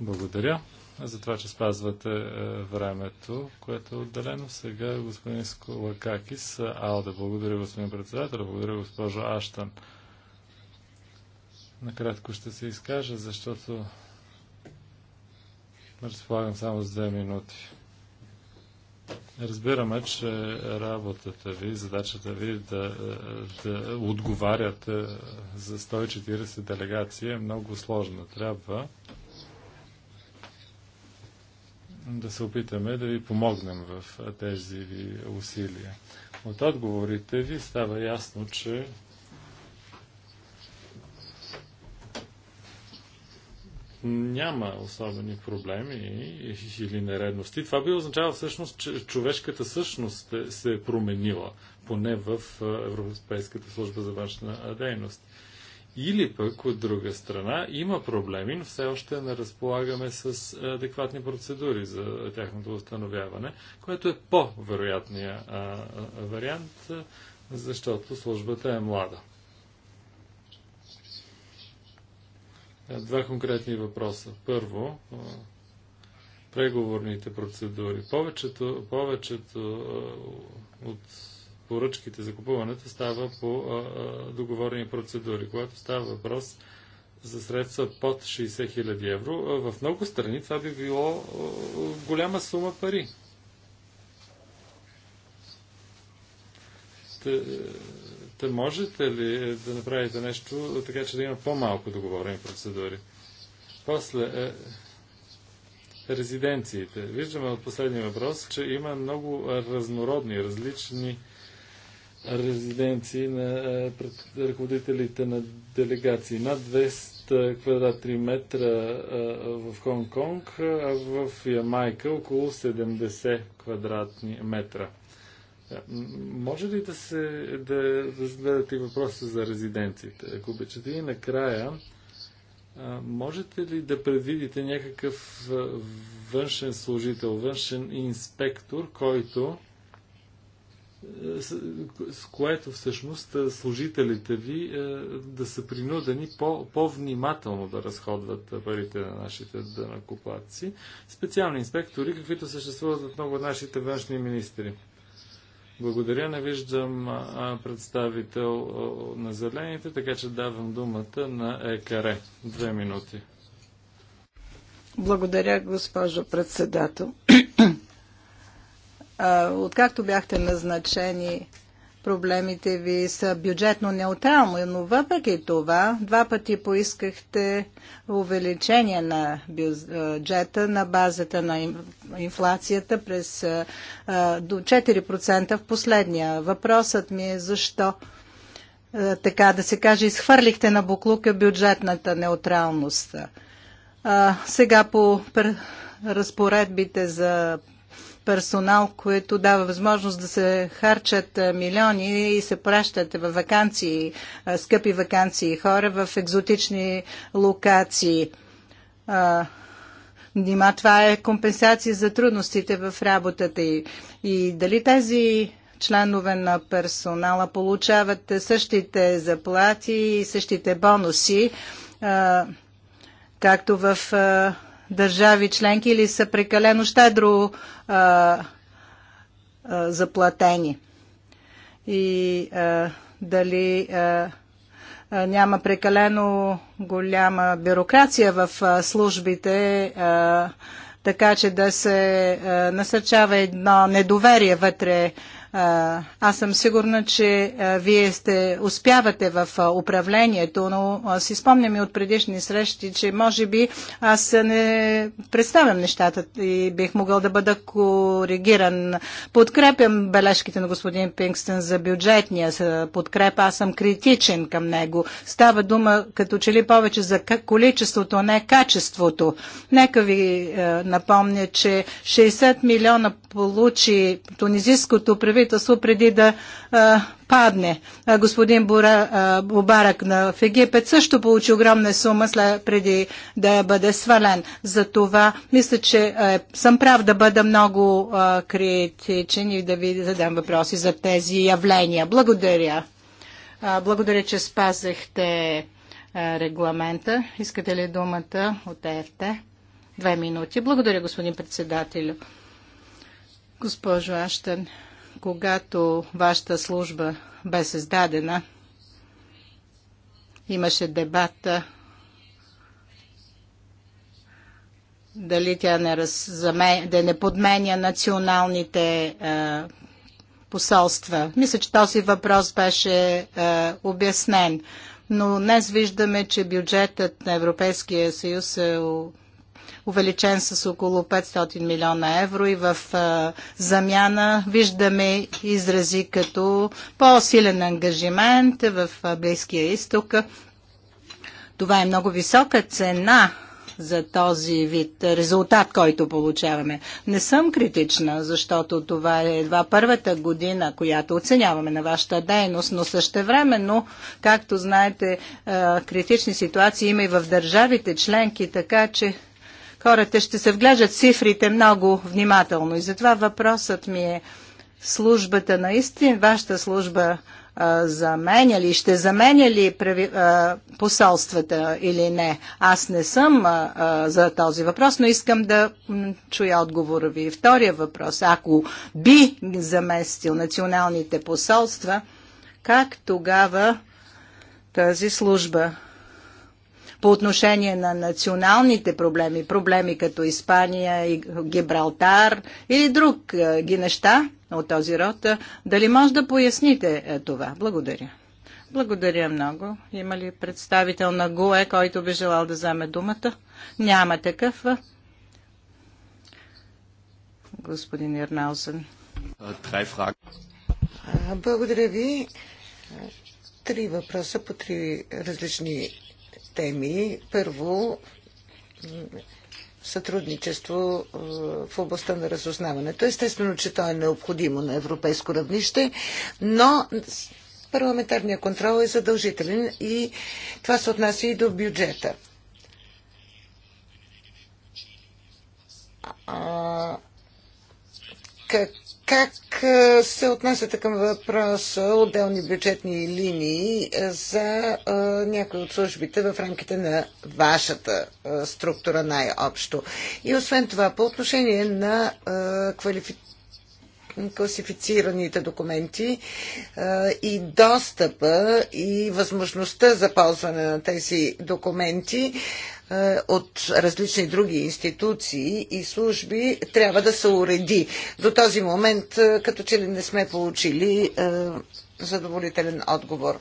Благодаря за това, че спазвате е, времето, което е отделено. Сега господин Скулакакис. Е, Алда, Благодаря, господин председател. Благодаря, госпожо Аштан. Накратко ще се изкажа, защото разполагам само с две минути. Разбираме, че работата ви, задачата ви да, да отговаряте за 140 делегации е много сложна. Трябва да се опитаме да ви помогнем в тези ви усилия. От отговорите ви става ясно, че няма особени проблеми или нередности. Това би означава всъщност, че човешката същност е, се е променила, поне в Европейската служба за външна дейност. Или пък, от друга страна, има проблеми, но все още не разполагаме с е, адекватни процедури за тяхното установяване, което е по-вероятният е, е, вариант, защото службата е млада. Два конкретни въпроса. Първо, преговорните процедури. Повечето, повечето от поръчките, за купуването става по а, договорени процедури. Когато става въпрос за средства под 60 000 евро, а, в много страни това би било а, голяма сума пари. Та, та можете ли е, да направите нещо така, че да има по-малко договорени процедури? После, е, резиденциите. Виждаме от последния въпрос, че има много разнородни, различни резиденции на ръководителите на делегации. Над 200 квадратни метра в Хонг-Конг, а в Ямайка около 70 квадратни метра. Може ли да се да разгледате и въпроса за резиденциите? Ако обичате и накрая, можете ли да предвидите някакъв външен служител, външен инспектор, който с, което всъщност служителите ви да са принудени по, по-внимателно да разходват парите на нашите дънакоплатци. Специални инспектори, каквито съществуват от много от нашите външни министри. Благодаря. Не виждам представител на зелените, така че давам думата на ЕКР. Две минути. Благодаря, госпожо председател. Откакто бяхте назначени, проблемите ви са бюджетно неутрално, но въпреки това два пъти поискахте увеличение на бюджета на базата на инфлацията през до 4% в последния. Въпросът ми е защо така да се каже, изхвърлихте на буклука бюджетната неутралност. А, сега по разпоредбите за персонал, което дава възможност да се харчат милиони и се пращат в вакансии, скъпи вакансии хора в екзотични локации. Нима това е компенсация за трудностите в работата и, и дали тези членове на персонала получават същите заплати и същите бонуси, а, както в а, държави членки или са прекалено щедро а, а, заплатени. И а, дали а, няма прекалено голяма бюрокрация в а, службите, а, така че да се а, насърчава едно недоверие вътре аз съм сигурна, че вие сте, успявате в управлението, но си спомням и от предишни срещи, че може би аз не представям нещата и бих могъл да бъда коригиран. Подкрепям бележките на господин Пингстън за бюджетния подкреп. Аз съм критичен към него. Става дума като че ли повече за количеството, а не качеството. Нека ви напомня, че 60 милиона получи тунизийското правителство правителство преди да а, падне. А, господин Бура, а, Бубарак на, в Египет също получи огромна сума след, преди да бъде свален. За това мисля, че а, съм прав да бъда много а, критичен и да ви задам въпроси за тези явления. Благодаря. А, благодаря, че спазихте а, регламента. Искате ли думата от ЕФТ? Две минути. Благодаря, господин председател. Госпожо Аштен, когато вашата служба бе създадена, имаше дебата дали тя не, раз, да не подменя националните е, посолства. Мисля, че този въпрос беше е, обяснен. Но днес виждаме, че бюджетът на Европейския съюз е увеличен с около 500 милиона евро и в замяна виждаме изрази като по-силен ангажимент в Близкия изток. Това е много висока цена за този вид резултат, който получаваме. Не съм критична, защото това е едва първата година, която оценяваме на вашата дейност, но същевременно, както знаете, критични ситуации има и в държавите членки, така че хората ще се вглеждат цифрите много внимателно. И затова въпросът ми е службата наистина, вашата служба заменя ли, ще заменя ли прави, а, посолствата или не? Аз не съм а, а, за този въпрос, но искам да чуя отговора ви. Втория въпрос. Ако би заместил националните посолства, как тогава тази служба по отношение на националните проблеми, проблеми като Испания и Гибралтар или друг е, ги неща от този род, е, дали може да поясните е, това? Благодаря. Благодаря много. Има ли представител на ГУЕ, който би желал да вземе думата? Няма такъв. Господин Ирнаузен. Благодаря ви. Три въпроса по три различни теми. Първо, сътрудничество е, в областта на разузнаването. Естествено, че то е необходимо на европейско равнище, но парламентарният контрол е задължителен и това се отнася и до бюджета. А, как как се отнасяте към въпроса отделни бюджетни линии за някои от службите в рамките на вашата структура най-общо? И освен това, по отношение на квалифи... класифицираните документи и достъпа и възможността за ползване на тези документи, е, от различни други институции и служби трябва да се уреди. До този момент е, като че ли не сме получили е, задоволителен отговор.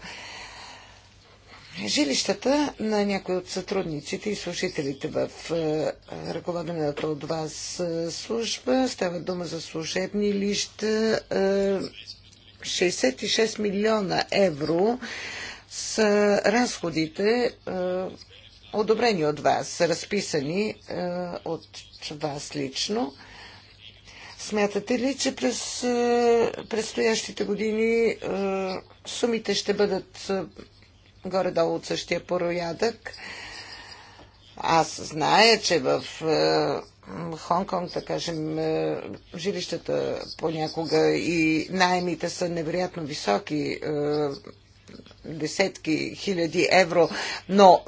Жилищата на някои от сътрудниците и служителите в ръководената от вас служба, става дума за служебни лища, 66 милиона евро са разходите, одобрени от вас, разписани е, от вас лично. Смятате ли, че през е, предстоящите години е, сумите ще бъдат горе-долу от същия порядък? Аз зная, че в Хонконг, да кажем, жилищата понякога и найемите са невероятно високи, десетки хиляди евро, но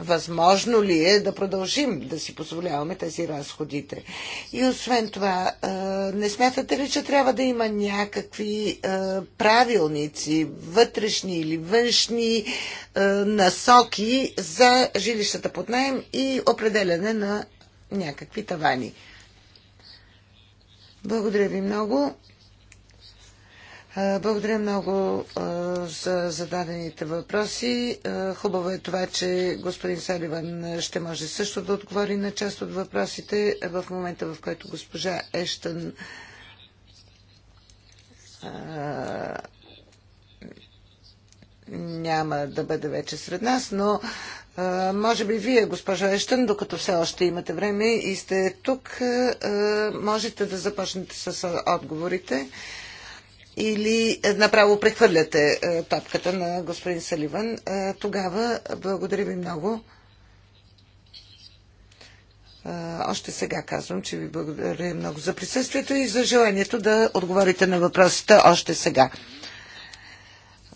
възможно ли е да продължим да си позволяваме тези разходите? И освен това, не смятате ли, че трябва да има някакви правилници, вътрешни или външни насоки за жилищата под найем и определяне на някакви тавани? Благодаря ви много. Благодаря много за зададените въпроси. Хубаво е това, че господин Саливан ще може също да отговори на част от въпросите в момента, в който госпожа Ештън няма да бъде вече сред нас, но може би вие, госпожо Ещен, докато все още имате време и сте тук, можете да започнете с отговорите или е, направо прехвърляте е, топката на господин Саливан. Е, тогава благодаря ви много. Още сега казвам, че ви благодаря много за присъствието и за желанието да отговорите на въпросите още сега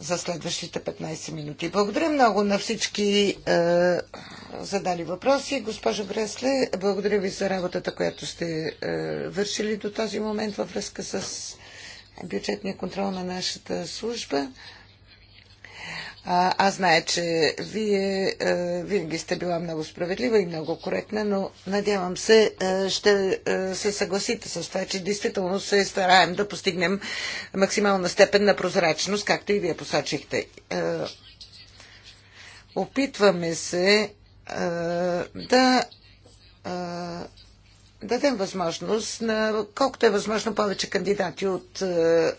за следващите 15 минути. Благодаря много на всички е, задали въпроси. Госпожо Гресле, благодаря ви за работата, която сте е, вършили до този момент във връзка с бюджетния контрол на нашата служба. А, аз знае, че вие а, винаги сте била много справедлива и много коректна, но надявам се, а, ще а, се съгласите с това, че действително се стараем да постигнем максимална степен на прозрачност, както и вие посочихте. А, опитваме се а, да дадем възможност на колкото е възможно повече кандидати от е, е,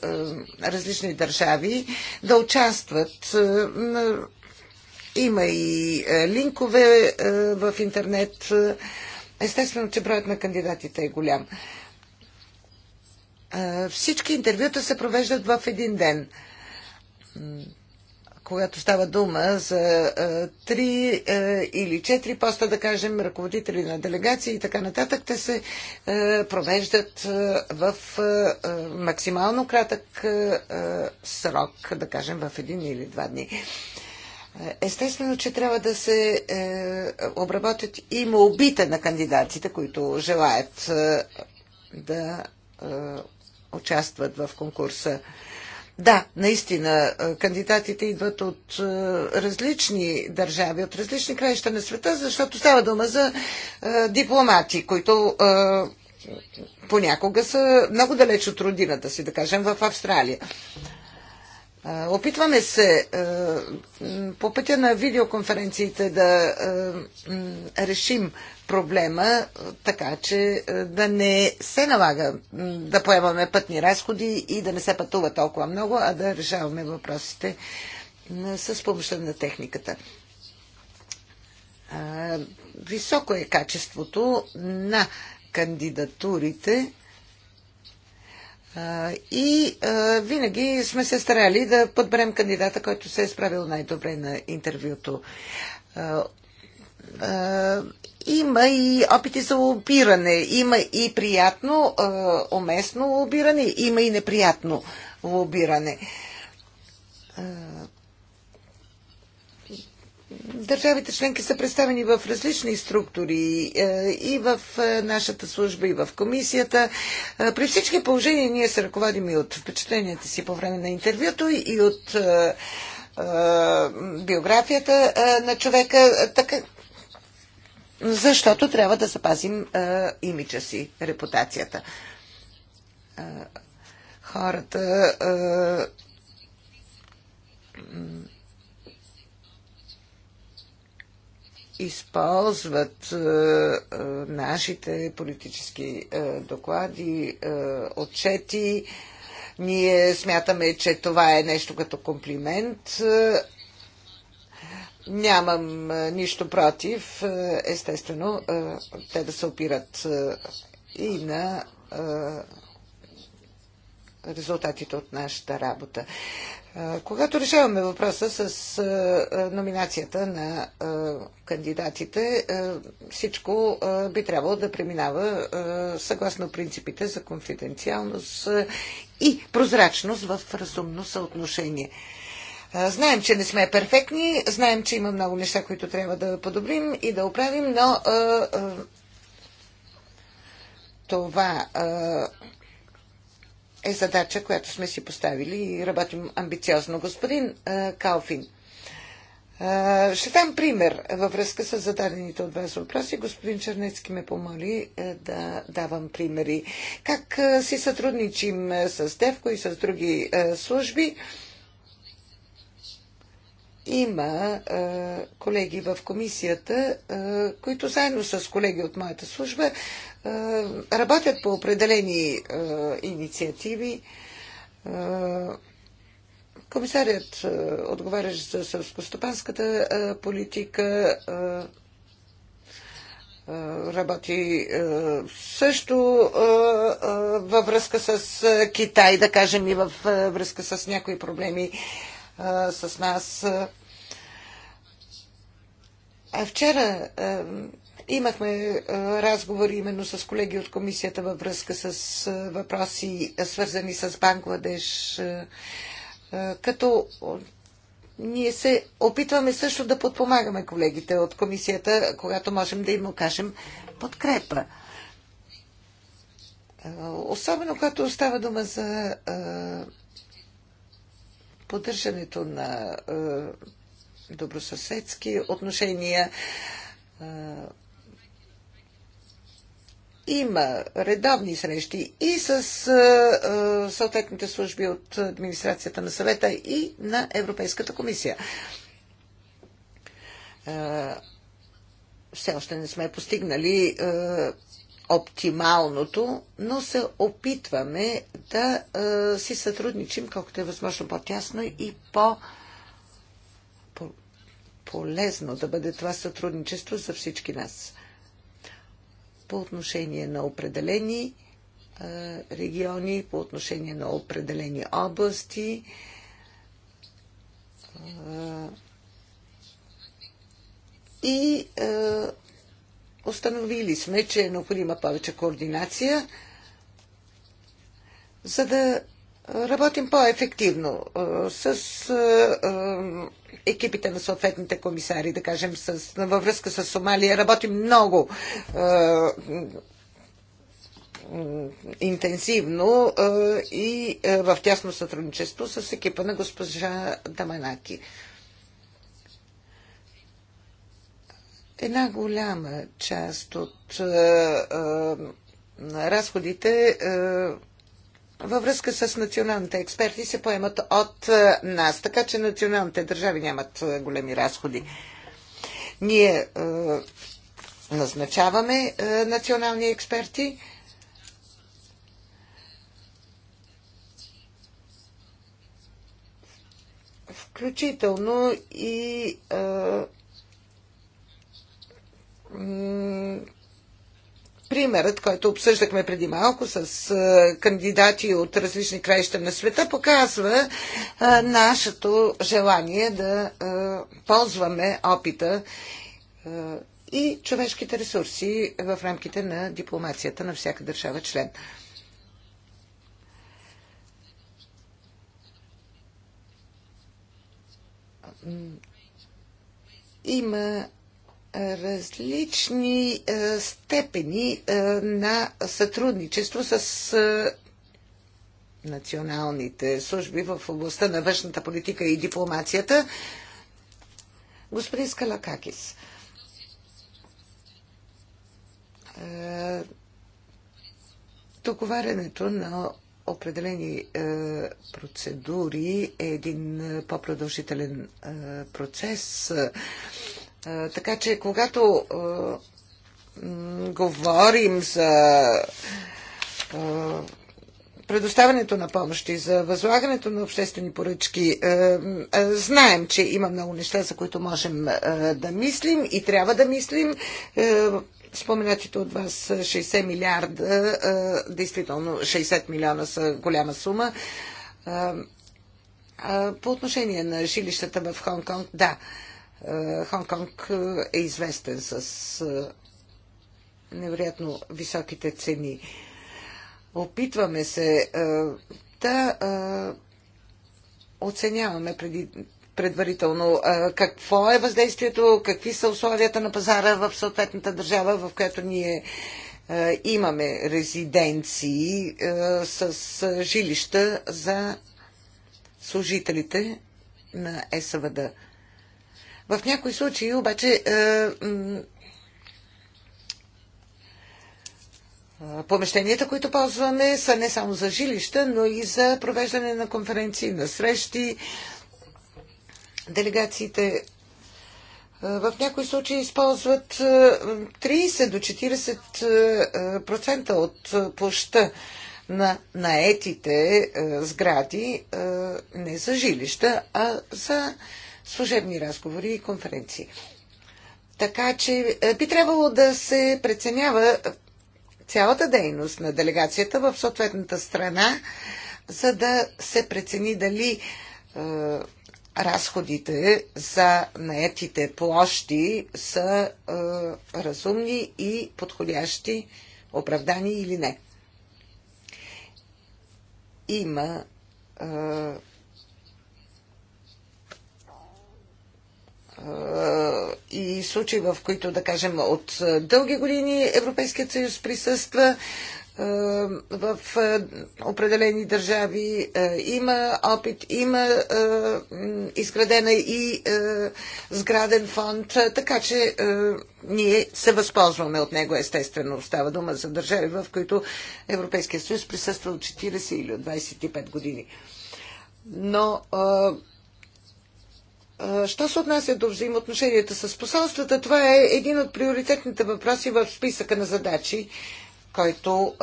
различни държави да участват. Е, има и линкове в интернет. Естествено, че броят на кандидатите е голям. Всички интервюта се провеждат в един ден когато става дума за е, три е, или четири поста, да кажем, ръководители на делегации и така нататък, те се е, провеждат в максимално кратък срок, да кажем, в един или два дни. Естествено, че трябва да се обработят и молбите на кандидатите, които желаят да участват в конкурса. Да, наистина, кандидатите идват от различни държави, от различни краища на света, защото става дума за дипломати, които понякога са много далеч от родината си, да кажем, в Австралия. Опитваме се по пътя на видеоконференциите да решим проблема, така че да не се налага да поемаме пътни разходи и да не се пътува толкова много, а да решаваме въпросите с помощта на техниката. Високо е качеството на кандидатурите и винаги сме се старали да подберем кандидата, който се е справил най-добре на интервюто. Има и опити за лобиране, има и приятно, уместно лобиране, има и неприятно лобиране. Държавите членки са представени в различни структури е, и в е, нашата служба, и в комисията. Е, при всички положения ние се ръководим и от впечатленията си по време на интервюто и от биографията на човека, така, защото трябва да запазим имиджа си, репутацията. хората използват е, е, нашите политически е, доклади, отчети. Ние смятаме, че това е нещо като комплимент. Нямам нищо против, естествено, те да се опират и на резултатите от нашата работа. Когато решаваме въпроса с номинацията на кандидатите, всичко би трябвало да преминава съгласно принципите за конфиденциалност и прозрачност в разумно съотношение. Знаем, че не сме перфектни, знаем, че има много неща, които трябва да подобрим и да оправим, но това е задача, която сме си поставили и работим амбициозно. Господин Калфин, ще дам пример във връзка с зададените от вас въпроси. Господин Чернецки ме помоли да давам примери. Как си сътрудничим с Девко и с други служби? Има а, колеги в комисията, а, които заедно с колеги от моята служба а, работят по определени а, инициативи. А, комисарят, а, отговарящ за сълскостопанската политика, а, работи също във връзка с Китай, да кажем и във връзка с някои проблеми с нас. А вчера а, е, имахме е, разговори именно с колеги от комисията във връзка с е, въпроси, свързани с Бангладеш, като ние се опитваме също да подпомагаме колегите от комисията, когато можем да им окажем подкрепа. Особено когато става дума за поддържането на добросъседски отношения. Има редовни срещи и с съответните служби от администрацията на съвета и на Европейската комисия. Все още не сме постигнали оптималното, но се опитваме да а, си сътрудничим колкото е възможно по-тясно и по-тясно полезно да бъде това сътрудничество за всички нас. По отношение на определени региони, по отношение на определени области, и е, установили сме, че е необходима повече координация, за да работим по-ефективно е, с е, екипите на съответните комисари, да кажем, с, във връзка с Сомалия. Работи много е, интенсивно е, и е, в тясно сътрудничество с екипа на госпожа Даманаки. Една голяма част от е, е, разходите е, във връзка с националните експерти се поемат от е, нас, така че националните държави нямат е, големи разходи. Ние е, назначаваме е, национални експерти. Включително и е, примерът, който обсъждахме преди малко с кандидати от различни краища на света, показва нашето желание да ползваме опита и човешките ресурси в рамките на дипломацията на всяка държава член. Има различни е, степени е, на сътрудничество с е, националните служби в областта на външната политика и дипломацията. Господин Скалакакис, договарянето на определени процедури е един по-продължителен процес. Така че, когато говорим за предоставянето на помощи, за възлагането на обществени поръчки, знаем, че има много неща, за които можем да мислим и трябва да мислим. Споменатите от вас 60 милиарда, действително 60 милиона са голяма сума. По отношение на жилищата в Хонг-Конг, да, Хонг-Конг е известен с е, невероятно високите цени. Опитваме се е, да е, оценяваме преди предварително какво е въздействието, какви са условията на пазара в съответната държава, в която ние имаме резиденции с жилища за служителите на СВД. В някои случаи обаче е, Помещенията, които ползваме, са не само за жилища, но и за провеждане на конференции, на срещи. Делегациите е, в някои случаи използват 30 е, до 40% от площа на наетите сгради не за жилища, а за служебни разговори и конференции. Така че е, би трябвало да се преценява цялата дейност на делегацията в съответната страна, за да се прецени дали е, разходите за наетите площи са е, разумни и подходящи, оправдани или не. Има е, Е, и случаи, в които, да кажем, от е, дълги години Европейският съюз присъства е, в определени държави, има опит, има изградена и сграден фонд, така че ние се възползваме от него, естествено. Става дума за държави, в които Европейският съюз присъства от 40 или от 25 години. Но Що се отнася до взаимоотношенията с посолствата, това е един от приоритетните въпроси в списъка на задачи, който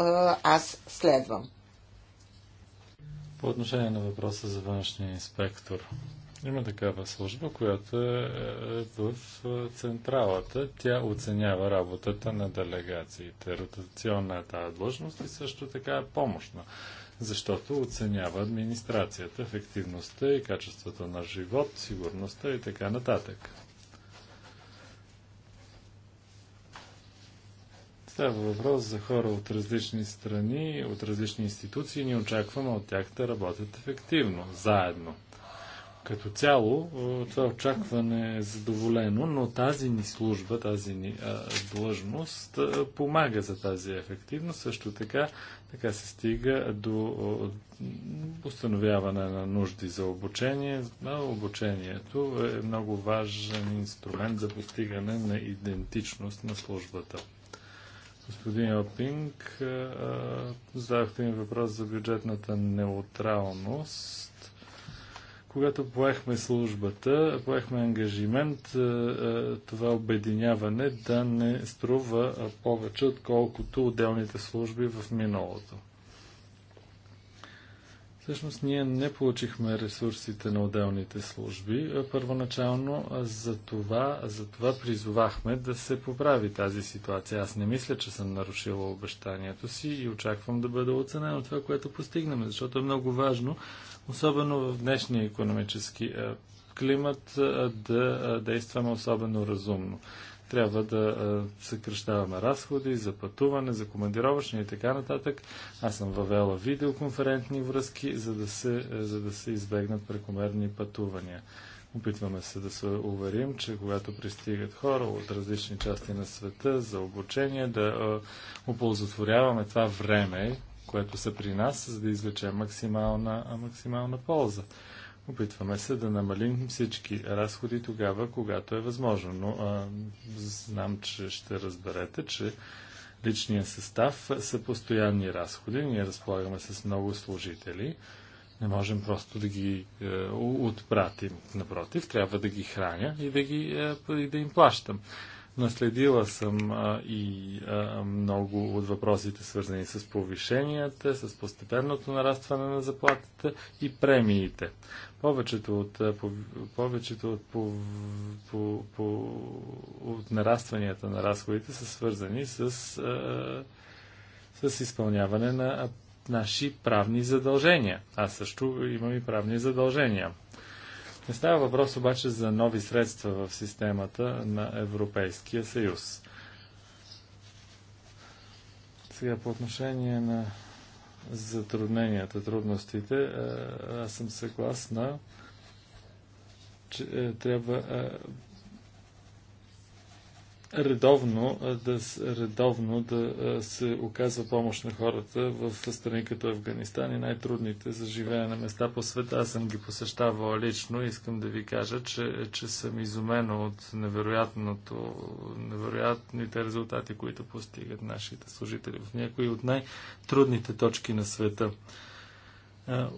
аз следвам. По отношение на въпроса за външния инспектор. Има такава служба, която е, е в е, централата. Тя оценява работата на делегациите. Ротационна е тази длъжност и също така е помощна защото оценява администрацията, ефективността и качеството на живот, сигурността и така нататък. Става въпрос за хора от различни страни, от различни институции. Ние очакваме от тях да работят ефективно, заедно. Като цяло, това очакване е задоволено, но тази ни служба, тази ни а, длъжност а, помага за тази ефективност. Също така така се стига до установяване на нужди за обучение. А обучението е много важен инструмент за постигане на идентичност на службата. Господин Опинг, задахте ми въпрос за бюджетната неутралност когато поехме службата, поехме ангажимент е, е, това обединяване да не струва повече, отколкото отделните служби в миналото. Всъщност ние не получихме ресурсите на отделните служби. Първоначално за това, за това призовахме да се поправи тази ситуация. Аз не мисля, че съм нарушила обещанието си и очаквам да бъда оценено това, което постигнем, защото е много важно особено в днешния економически е, климат, е, да е, действаме особено разумно. Трябва да съкръщаваме разходи за пътуване, за командировъчни и така нататък. Аз съм въвела видеоконферентни връзки, за да се, за да се избегнат прекомерни пътувания. Опитваме се да се уверим, че когато пристигат хора от различни части на света за обучение, да оползотворяваме това време, което са при нас, за да извлечем максимална, максимална полза. Опитваме се да намалим всички разходи тогава, когато е възможно, но а, знам, че ще разберете, че личния състав са постоянни разходи. Ние разполагаме с много служители. Не можем просто да ги е, отпратим. Напротив, трябва да ги храня и да, ги, е, и да им плащам. Наследила съм а, и а, много от въпросите, свързани с повишенията, с постепенното нарастване на заплатите и премиите. Повечето от, по, повечето от, по, по, по, от нарастванията на разходите са свързани с, а, с изпълняване на наши правни задължения. Аз също имам и правни задължения. Не става въпрос обаче за нови средства в системата на Европейския съюз. Сега по отношение на затрудненията, трудностите, аз съм съгласна, че е, трябва редовно да, редовно да се оказва помощ на хората в страни като Афганистан и най-трудните за живеене на места по света. Аз съм ги посещавал лично и искам да ви кажа, че, че съм изумен от невероятното, невероятните резултати, които постигат нашите служители в някои от най-трудните точки на света.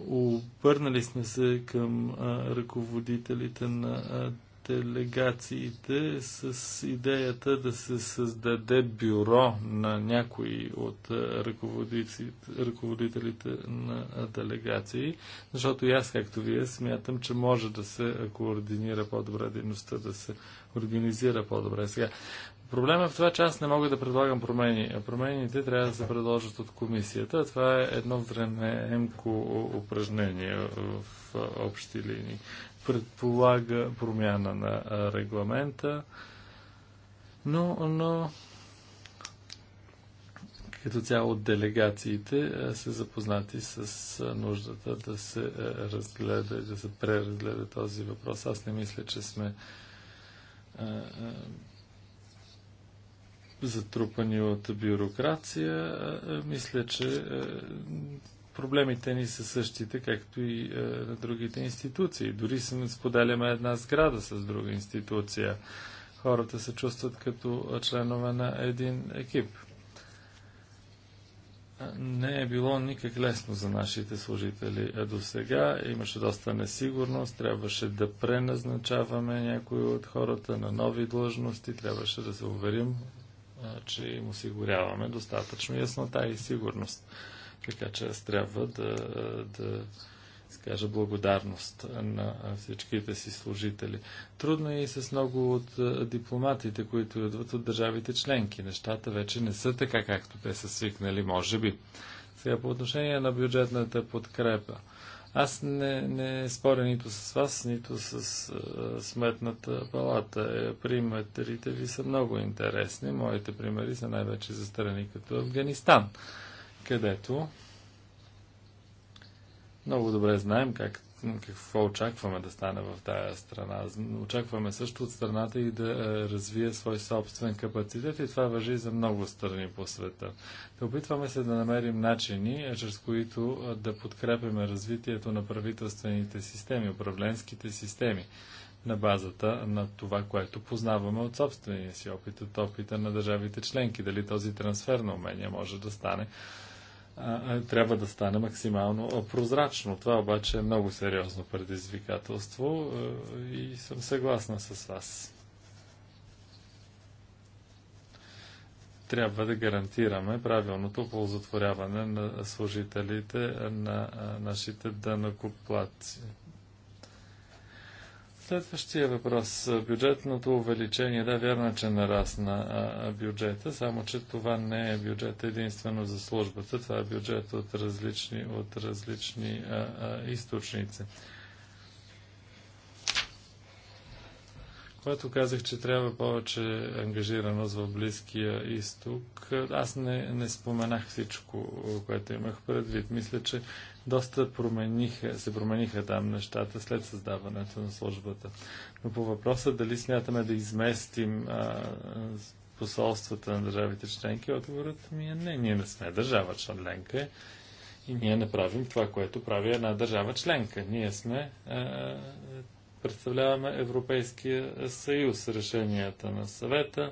Обърнали сме се към ръководителите на делегациите с идеята да се създаде бюро на някои от ръководителите на делегации, защото и аз, както вие, смятам, че може да се координира по-добре дейността, да се организира по-добре. Сега, Проблема е в това, че аз не мога да предлагам промени. А промените трябва да се предложат от комисията. Това е едно времеемко упражнение в общи линии предполага промяна на регламента, но, но като цяло делегациите са запознати с нуждата да се разгледа, да се преразгледа този въпрос. Аз не мисля, че сме затрупани от бюрокрация. Мисля, че Проблемите ни са същите, както и е, на другите институции. Дори се споделяме една сграда с друга институция. Хората се чувстват като е, членове на един екип. Не е било никак лесно за нашите служители до сега. Имаше доста несигурност, трябваше да преназначаваме някои от хората на нови длъжности, трябваше да се уверим, е, че им осигуряваме достатъчно яснота и сигурност. Така че аз трябва да, да скажа благодарност на всичките си служители. Трудно е и с много от дипломатите, които идват от държавите членки. Нещата вече не са така, както те са свикнали, може би. Сега по отношение на бюджетната подкрепа. Аз не, не споря нито с вас, нито с а, сметната палата. Е, примерите ви са много интересни. Моите примери са най-вече за страни като Афганистан където много добре знаем как, какво очакваме да стане в тая страна. Очакваме също от страната и да е, развие свой собствен капацитет и това въжи за много страни по света. Да опитваме се да намерим начини, е, чрез които е, да подкрепяме развитието на правителствените системи, управленските системи на базата на това, което познаваме от собствения си опит, от опита на държавите членки. Дали този трансфер на умения може да стане трябва да стане максимално прозрачно. Това обаче е много сериозно предизвикателство е, и съм съгласна с вас. Трябва да гарантираме правилното ползотворяване на служителите на нашите данъкоплаци. Следващия въпрос. Бюджетното увеличение. Да, вярно е, че нарасна бюджета, само че това не е бюджет единствено за службата. Това е бюджет от различни, от различни а, а, източници. Когато казах, че трябва повече ангажираност в Близкия изток, аз не, не споменах всичко, което имах предвид. Мисля, че доста промениха, се промениха там нещата след създаването на службата. Но по въпроса дали смятаме да изместим а, посолствата на държавите членки, отговорът ми е не. Ние не сме държава членка и ние не правим това, което прави една държава членка. Ние сме а, представляваме Европейския съюз, решенията на съвета,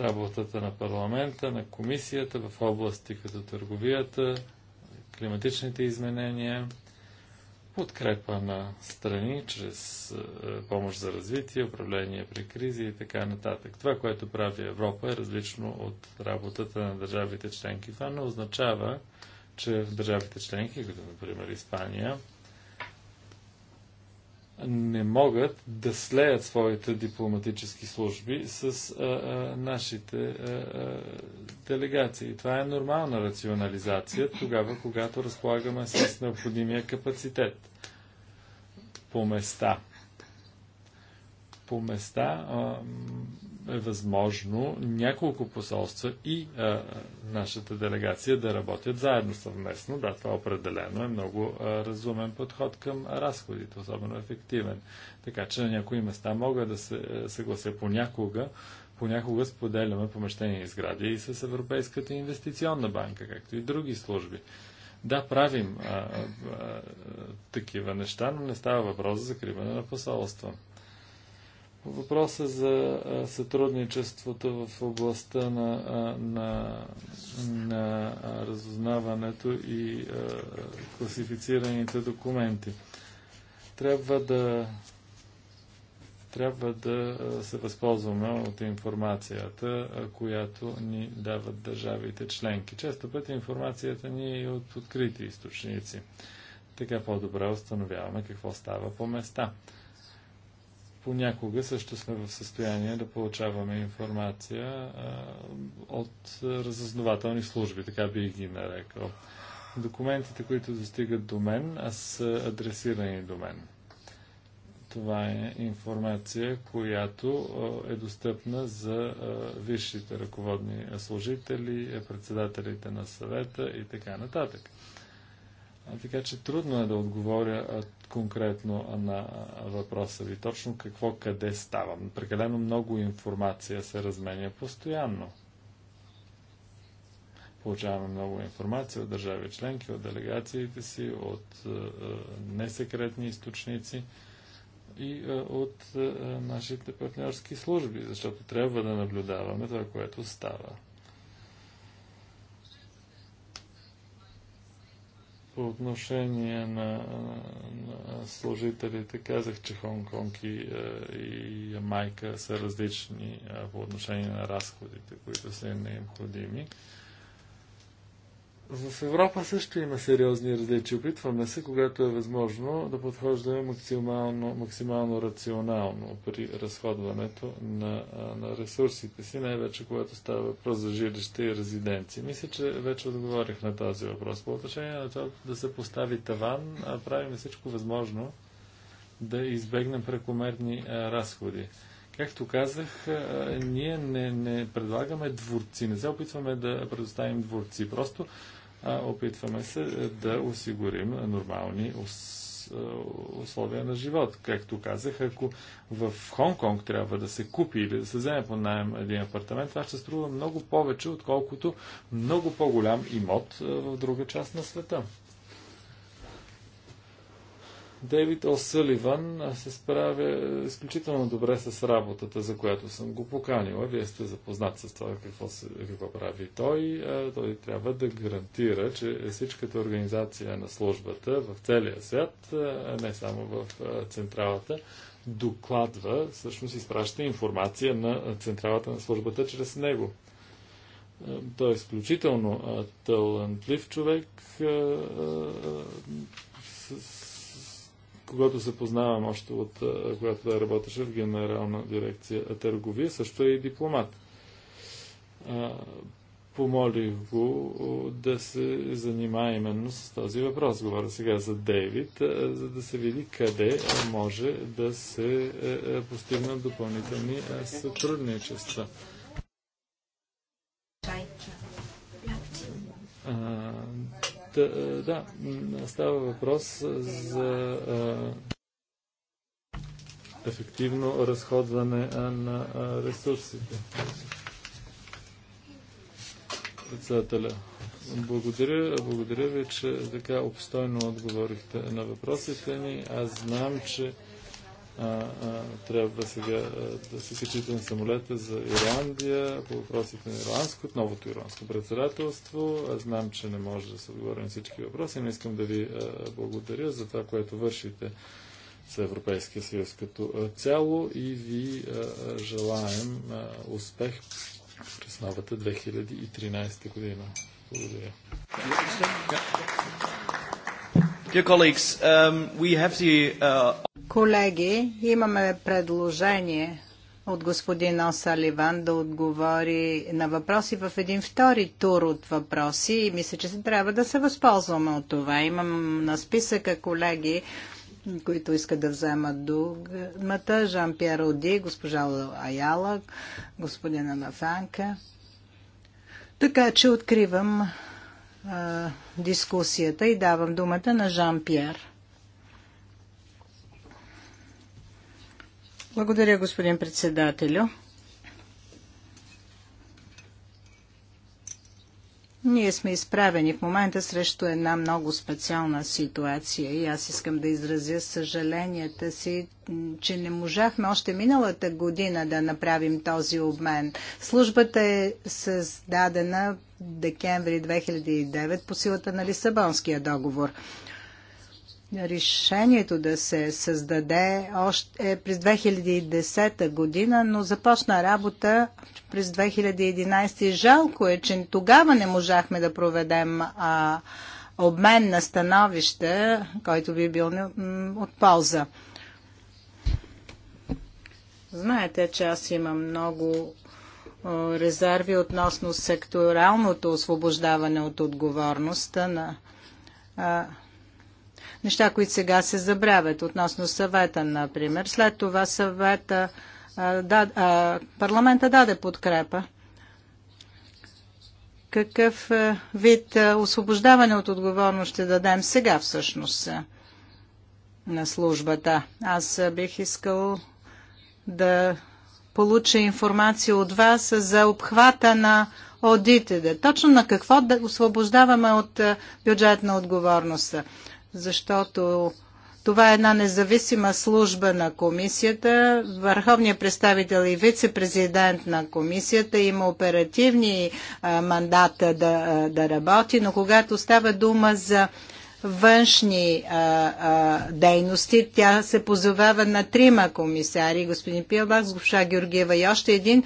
работата на парламента, на комисията в области като търговията, климатичните изменения, подкрепа на страни чрез е, помощ за развитие, управление при кризи и така нататък. Това, което прави Европа е различно от работата на държавите членки. Това не означава, че в държавите членки, като например Испания, не могат да слеят своите дипломатически служби с а, а, нашите а, делегации. Това е нормална рационализация тогава, когато разполагаме с необходимия капацитет по места. По места е възможно няколко посолства и а, нашата делегация да работят заедно съвместно. Да, това определено е много а, разумен подход към разходите, особено ефективен. Така че на някои места мога да се е, съглася понякога. Понякога споделяме помещения и сгради и с Европейската инвестиционна банка, както и други служби. Да, правим а, а, а, такива неща, но не става въпрос за закриване на посолства. Въпроса за а, сътрудничеството в областта на, а, на, на разузнаването и а, класифицираните документи. Трябва да, трябва да се възползваме от информацията, която ни дават държавите членки. Често пъти информацията ни е и от открити източници. Така по-добре установяваме какво става по места понякога също сме в състояние да получаваме информация а, от разъзнавателни служби, така би ги нарекал. Документите, които достигат до мен, а са адресирани до мен. Това е информация, която е достъпна за висшите ръководни служители, е, председателите на съвета и така нататък. А, така че трудно е да отговоря конкретно на въпроса ви. Точно какво къде става? Прекалено много информация се разменя постоянно. Получаваме много информация от държави членки, от делегациите си, от е, е несекретни източници и е, от е, е, нашите партньорски служби, защото трябва да наблюдаваме това, което става. По отношение на, на служителите, казах, че Хонг-Конг и, е, и Ямайка са различни по отношение на разходите, които са необходими. В Европа също има сериозни различия. Опитваме се, когато е възможно, да подхождаме максимално, максимално рационално при разходването на, на ресурсите си, най-вече когато става въпрос за жилище и резиденции. Мисля, че вече отговорих на този въпрос. По отношение на това да се постави таван, правим всичко възможно да избегнем прекомерни а, разходи. Както казах, ние не, не предлагаме дворци, не се опитваме да предоставим дворци. Просто а, опитваме се е, да осигурим нормални е, условия на живот. Както казах, ако в Хонг-Конг трябва да се купи или да се вземе по найем един апартамент, това ще струва много повече, отколкото много по-голям имот е, в друга част на света. Дейвид О'Съливан се справя изключително добре с работата, за която съм го поканила. Вие сте запознат с това какво, се, какво прави той. Той трябва да гарантира, че всичката организация на службата в целия свят, не само в централата, докладва, всъщност изпраща информация на централата на службата чрез него. Той е изключително талантлив човек с когато се познавам още от когато да работеше в Генерална дирекция търговия, също е и дипломат. Помолих го да се занимава именно с този въпрос. Говоря сега за Дейвид, за да се види къде може да се постигнат допълнителни сътрудничества. Та, е, да, става въпрос за е, ефективно разходване на ресурсите. Председателя. Благодаря, благодаря ви, че така обстойно отговорихте на въпросите ни. Аз знам, че а, а, трябва сега а, да се качите на самолета за Ирландия, по въпросите на ирландско, новото ирландско председателство. Аз знам, че не може да се отговоря на всички въпроси, но искам да ви а, благодаря за това, което вършите с Европейския съюз като цяло и ви а, желаем а, успех през новата 2013 година. Благодаря. Um, uh, колеги, имаме предложение от господин Осаливан да отговори на въпроси в един втори тур от въпроси и мисля, че се трябва да се възползваме от това. Имам на списъка колеги, които искат да вземат думата. Жан-Пьер Оди, госпожа Аяла, господин Анафанка. Така че откривам дискусията и давам думата на Жан Пьер. Благодаря, господин председателю. Ние сме изправени в момента срещу една много специална ситуация и аз искам да изразя съжаленията си, че не можахме още миналата година да направим този обмен. Службата е създадена декември 2009 по силата на Лисабонския договор решението да се създаде още е през 2010 година, но започна работа през 2011. и Жалко е, че тогава не можахме да проведем а, обмен на становища, който би бил от полза. Знаете, че аз имам много резерви относно секторалното освобождаване от отговорността на неща, които сега се забравят, относно съвета, например. След това съвета, да, парламента даде подкрепа. Какъв вид освобождаване от отговорност ще дадем сега всъщност на службата? Аз бих искал да получа информация от вас за обхвата на одитите. Точно на какво да освобождаваме от бюджетна отговорност защото това е една независима служба на комисията. Върховният представител и вице-президент на комисията има оперативни мандата да, да работи, но когато става дума за външни а, а, дейности, тя се позовава на трима комисари, господин Пилбах, госпожа Георгиева и още един,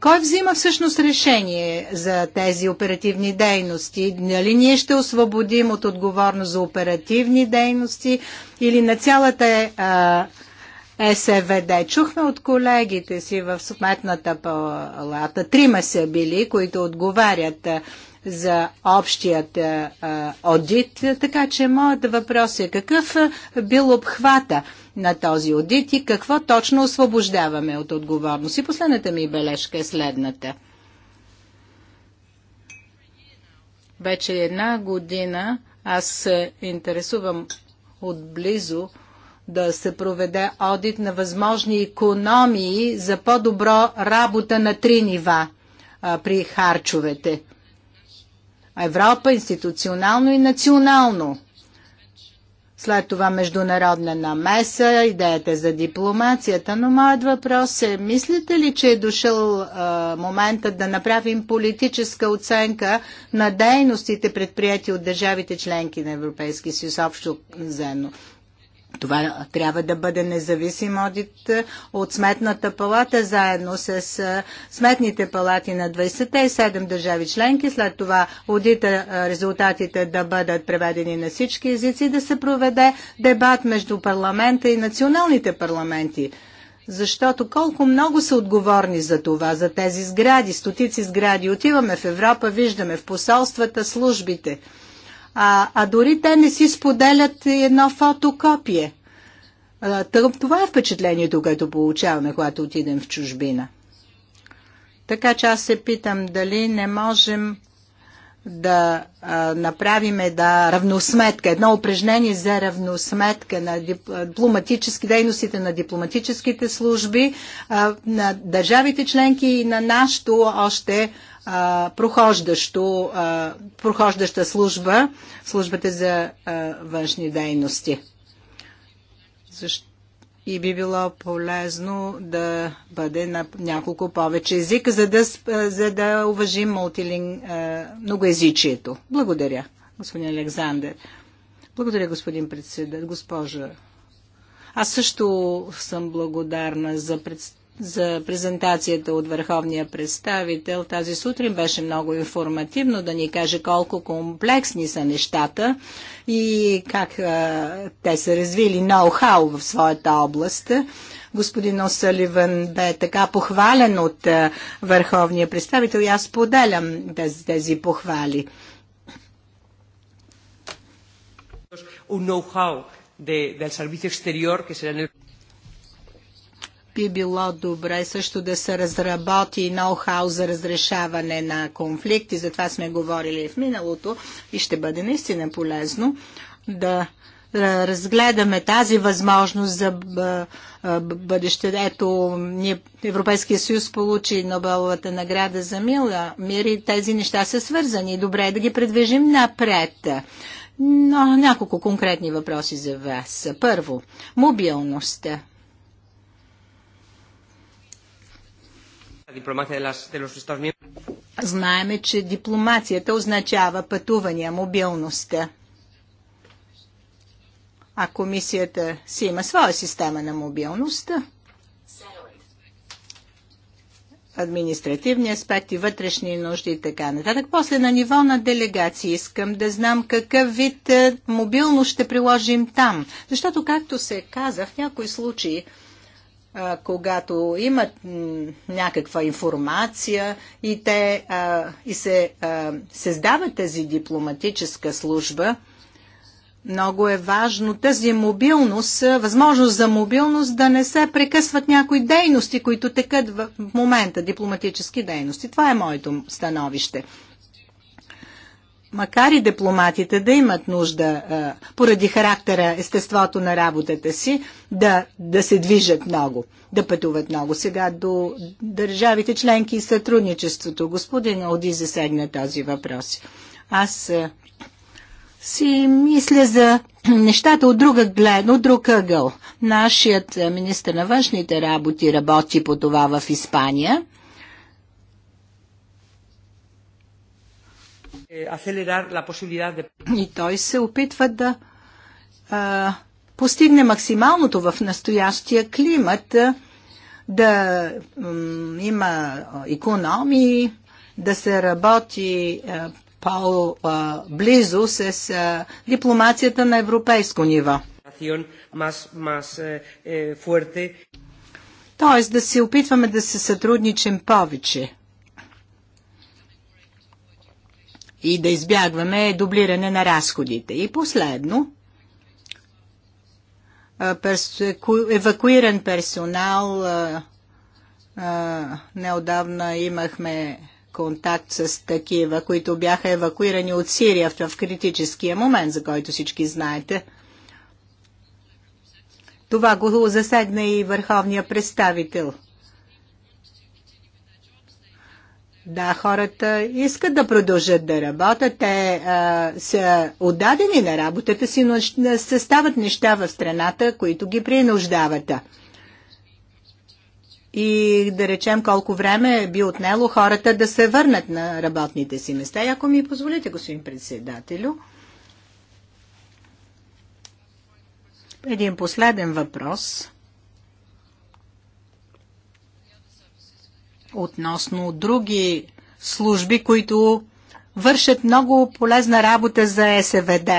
кой взима всъщност решение за тези оперативни дейности? Нали, ние ще освободим от отговорност за оперативни дейности или на цялата а, СВД. Чухме от колегите си в Сметната палата, трима са били, които отговарят за общият одит, така че моят въпрос е какъв бил обхвата на този одит и какво точно освобождаваме от отговорност. И последната ми бележка е следната. Вече една година аз се интересувам отблизо да се проведе одит на възможни економии за по-добро работа на три нива а, при харчовете – Европа институционално и национално. След това международна намеса, идеята за дипломацията. Но моят въпрос е, мислите ли, че е дошъл а, моментът да направим политическа оценка на дейностите предприяти от държавите членки на Европейския съюз общо взено? Това трябва да бъде независим одит е, от Сметната палата, заедно с е, сметните палати на 27 държави членки. След това одита е, резултатите да бъдат преведени на всички езици, да се проведе дебат между парламента и националните парламенти. Защото колко много са отговорни за това, за тези сгради, стотици сгради. Отиваме в Европа, виждаме в посолствата, службите – а, а дори те не си споделят едно фотокопие. А, това е впечатлението, което получаваме, когато отидем в чужбина. Така че аз се питам дали не можем да а, направим да равносметка, едно упражнение за равносметка на дипломатически дейностите на дипломатическите служби а, на държавите членки и на нашото още прохождащо, а, прохождаща служба, службата за а, външни дейности. И би било полезно да бъде на няколко повече езика, за да, за да уважим мултилинг, а, многоязичието. Благодаря, господин Александър. Благодаря, господин председател, госпожа. Аз също съм благодарна за представянето за презентацията от върховния представител. Тази сутрин беше много информативно да ни каже колко комплексни са нещата и как а, те са развили ноу-хау в своята област. Господин Осаливан бе така похвален от а, върховния представител и аз поделям тези, тези похвали. Un know-how de, del servicio exterior que será en el би било добре също да се разработи ноу-хау за разрешаване на конфликти. Затова сме говорили в миналото и ще бъде наистина полезно да разгледаме тази възможност за бъдеще. Ето, Европейския съюз получи Нобеловата награда за мила. Мир и тези неща са свързани. Добре е да ги предвижим напред. Но няколко конкретни въпроси за вас. Първо, мобилността. дипломация Знаеме, че дипломацията означава пътувания, мобилността. А комисията си има своя система на мобилността. Административни аспекти, вътрешни нужди и така нататък. После на ниво на делегации искам да знам какъв вид е, мобилност ще приложим там. Защото, както се каза, в някои случаи когато имат някаква информация и, те, и се създава тази дипломатическа служба, много е важно тази мобилност, възможност за мобилност да не се прекъсват някои дейности, които текат в момента, дипломатически дейности. Това е моето становище макар и дипломатите да имат нужда поради характера, естеството на работата си, да, да се движат много, да пътуват много. Сега до държавите членки и сътрудничеството. Господин Оди засегна този въпрос. Аз си мисля за нещата от друга гледна, от друг ъгъл. Нашият министр на външните работи работи по това в Испания – Eh, И той се опитва да а, постигне максималното в настоящия климат, да има економии, да се работи по-близо с а, дипломацията на европейско ниво. Е, е, Тоест да се опитваме да се сътрудничим повече. и да избягваме дублиране на разходите. И последно, евакуиран персонал. Неодавна имахме контакт с такива, които бяха евакуирани от Сирия в критическия момент, за който всички знаете. Това го засегна и върховния представител – Да, хората искат да продължат да работят. Те а, са отдадени на работата си, но се стават неща в страната, които ги принуждават. И да речем колко време е би отнело хората да се върнат на работните си места. И ако ми позволите, господин председателю, един последен въпрос – относно други служби, които вършат много полезна работа за СВД.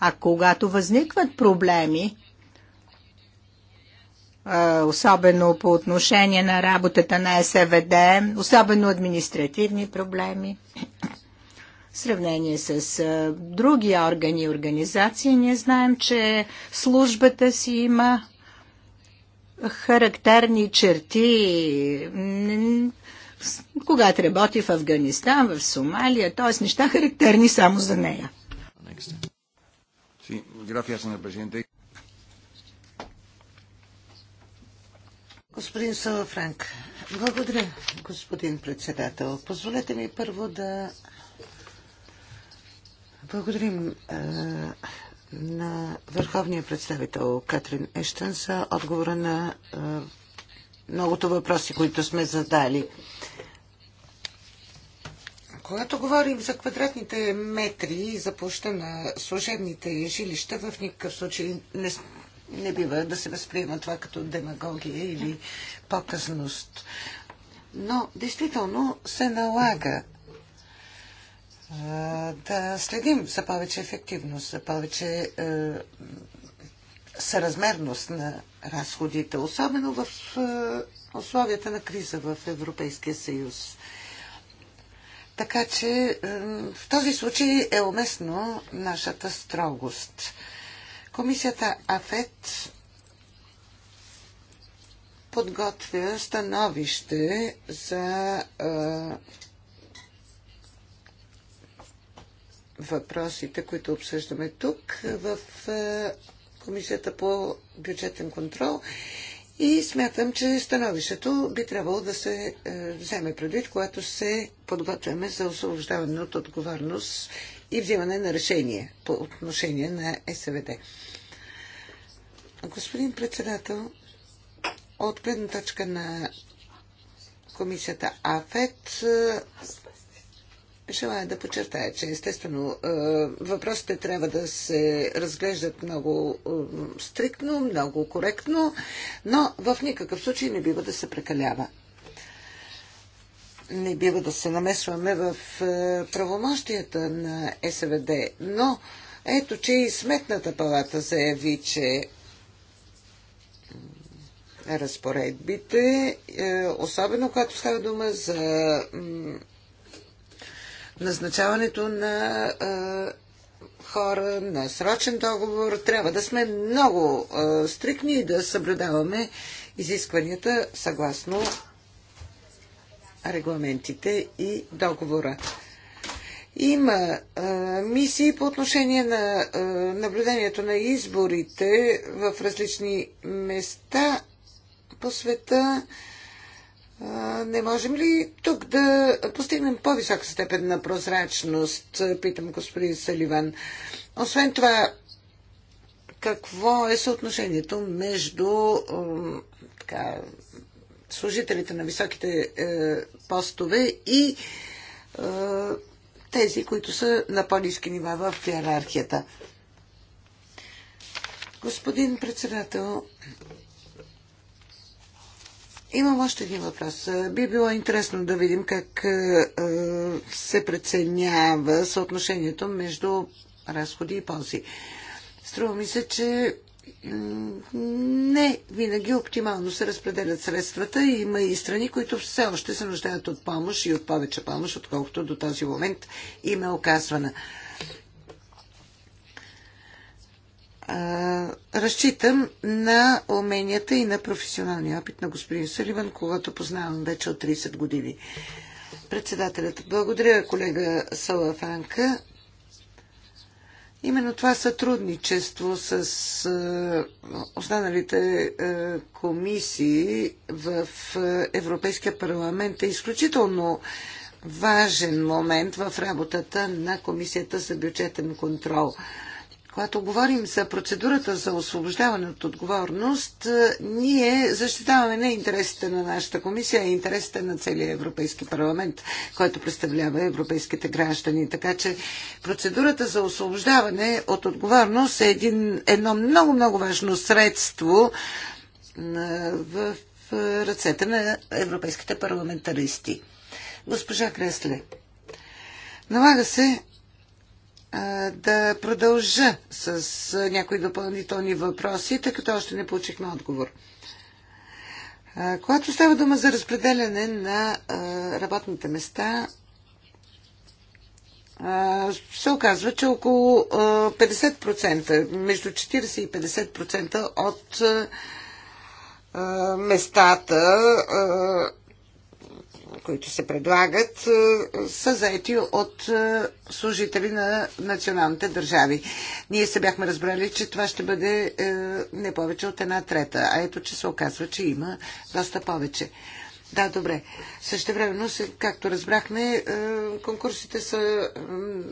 А когато възникват проблеми, особено по отношение на работата на СВД, особено административни проблеми, в сравнение с други органи и организации, ние знаем, че службата си има характерни черти, когато работи в Афганистан, в Сомалия, т.е. неща характерни само за нея. Господин Франк, благодаря, господин председател. Позволете ми първо да благодарим е, на върховния представител Катрин Ештън за отговора на е, многото въпроси, които сме задали. Когато говорим за квадратните метри и за площа на служебните жилища, в никакъв случай не, не бива да се възприема това като демагогия или показност. Но действително се налага да следим за повече ефективност, за повече е, съразмерност на разходите, особено в е, условията на криза в Европейския съюз. Така че е, в този случай е уместно нашата строгост. Комисията АФЕТ подготвя становище за въпросите, които обсъждаме тук в е, Комисията по бюджетен контрол. И смятам, че становището би трябвало да се е, вземе предвид, когато се подготвяме за освобождаване от отговорност и взимане на решение по отношение на СВД. Господин председател, от гледна точка на комисията АФЕТ желая да подчертая, че естествено е, въпросите трябва да се разглеждат много е, стриктно, много коректно, но в никакъв случай не бива да се прекалява. Не бива да се намесваме в е, правомощията на СВД, но ето, че и Сметната палата заяви, че разпоредбите, особено когато става дума за назначаването на а, хора, на срочен договор. Трябва да сме много а, стрикни и да съблюдаваме изискванията съгласно регламентите и договора. Има а, мисии по отношение на а, наблюдението на изборите в различни места по света. А, не можем ли тук да постигнем по-висока степен на прозрачност, е, питам господин Саливан. Освен това, какво е съотношението между така, служителите на високите а, е, постове и а, е, тези, които са на по-низки нива в иерархията? Господин председател, Имам още един въпрос. Би било интересно да видим как се преценява съотношението между разходи и ползи. Струва ми се, че не винаги оптимално се разпределят средствата и има и страни, които все още се нуждаят от помощ и от повече помощ, отколкото до този момент им е оказвана. разчитам на уменията и на професионалния опит на господин Саливан, когато познавам вече от 30 години. Председателят, благодаря колега Сала Франка. Именно това сътрудничество с останалите комисии в Европейския парламент е изключително важен момент в работата на Комисията за бюджетен контрол. Когато говорим за процедурата за освобождаване от отговорност, е, ние защитаваме не интересите на нашата комисия, а интересите на целия Европейски парламент, който представлява европейските граждани. Така че процедурата за освобождаване от отговорност е един, едно много-много важно средство е, в ръцете на европейските парламентаристи. Госпожа Кресле, налага се да продължа с някои допълнителни въпроси, тъй като още не получихме отговор. Когато става дума за разпределяне на работните места, се оказва, че около 50%, между 40 и 50% от местата които се предлагат, е, са заети от е, служители на националните държави. Ние се бяхме разбрали, че това ще бъде е, не повече от една трета, а ето, че се оказва, че има доста повече. Да, добре. Също времено, както разбрахме, конкурсите са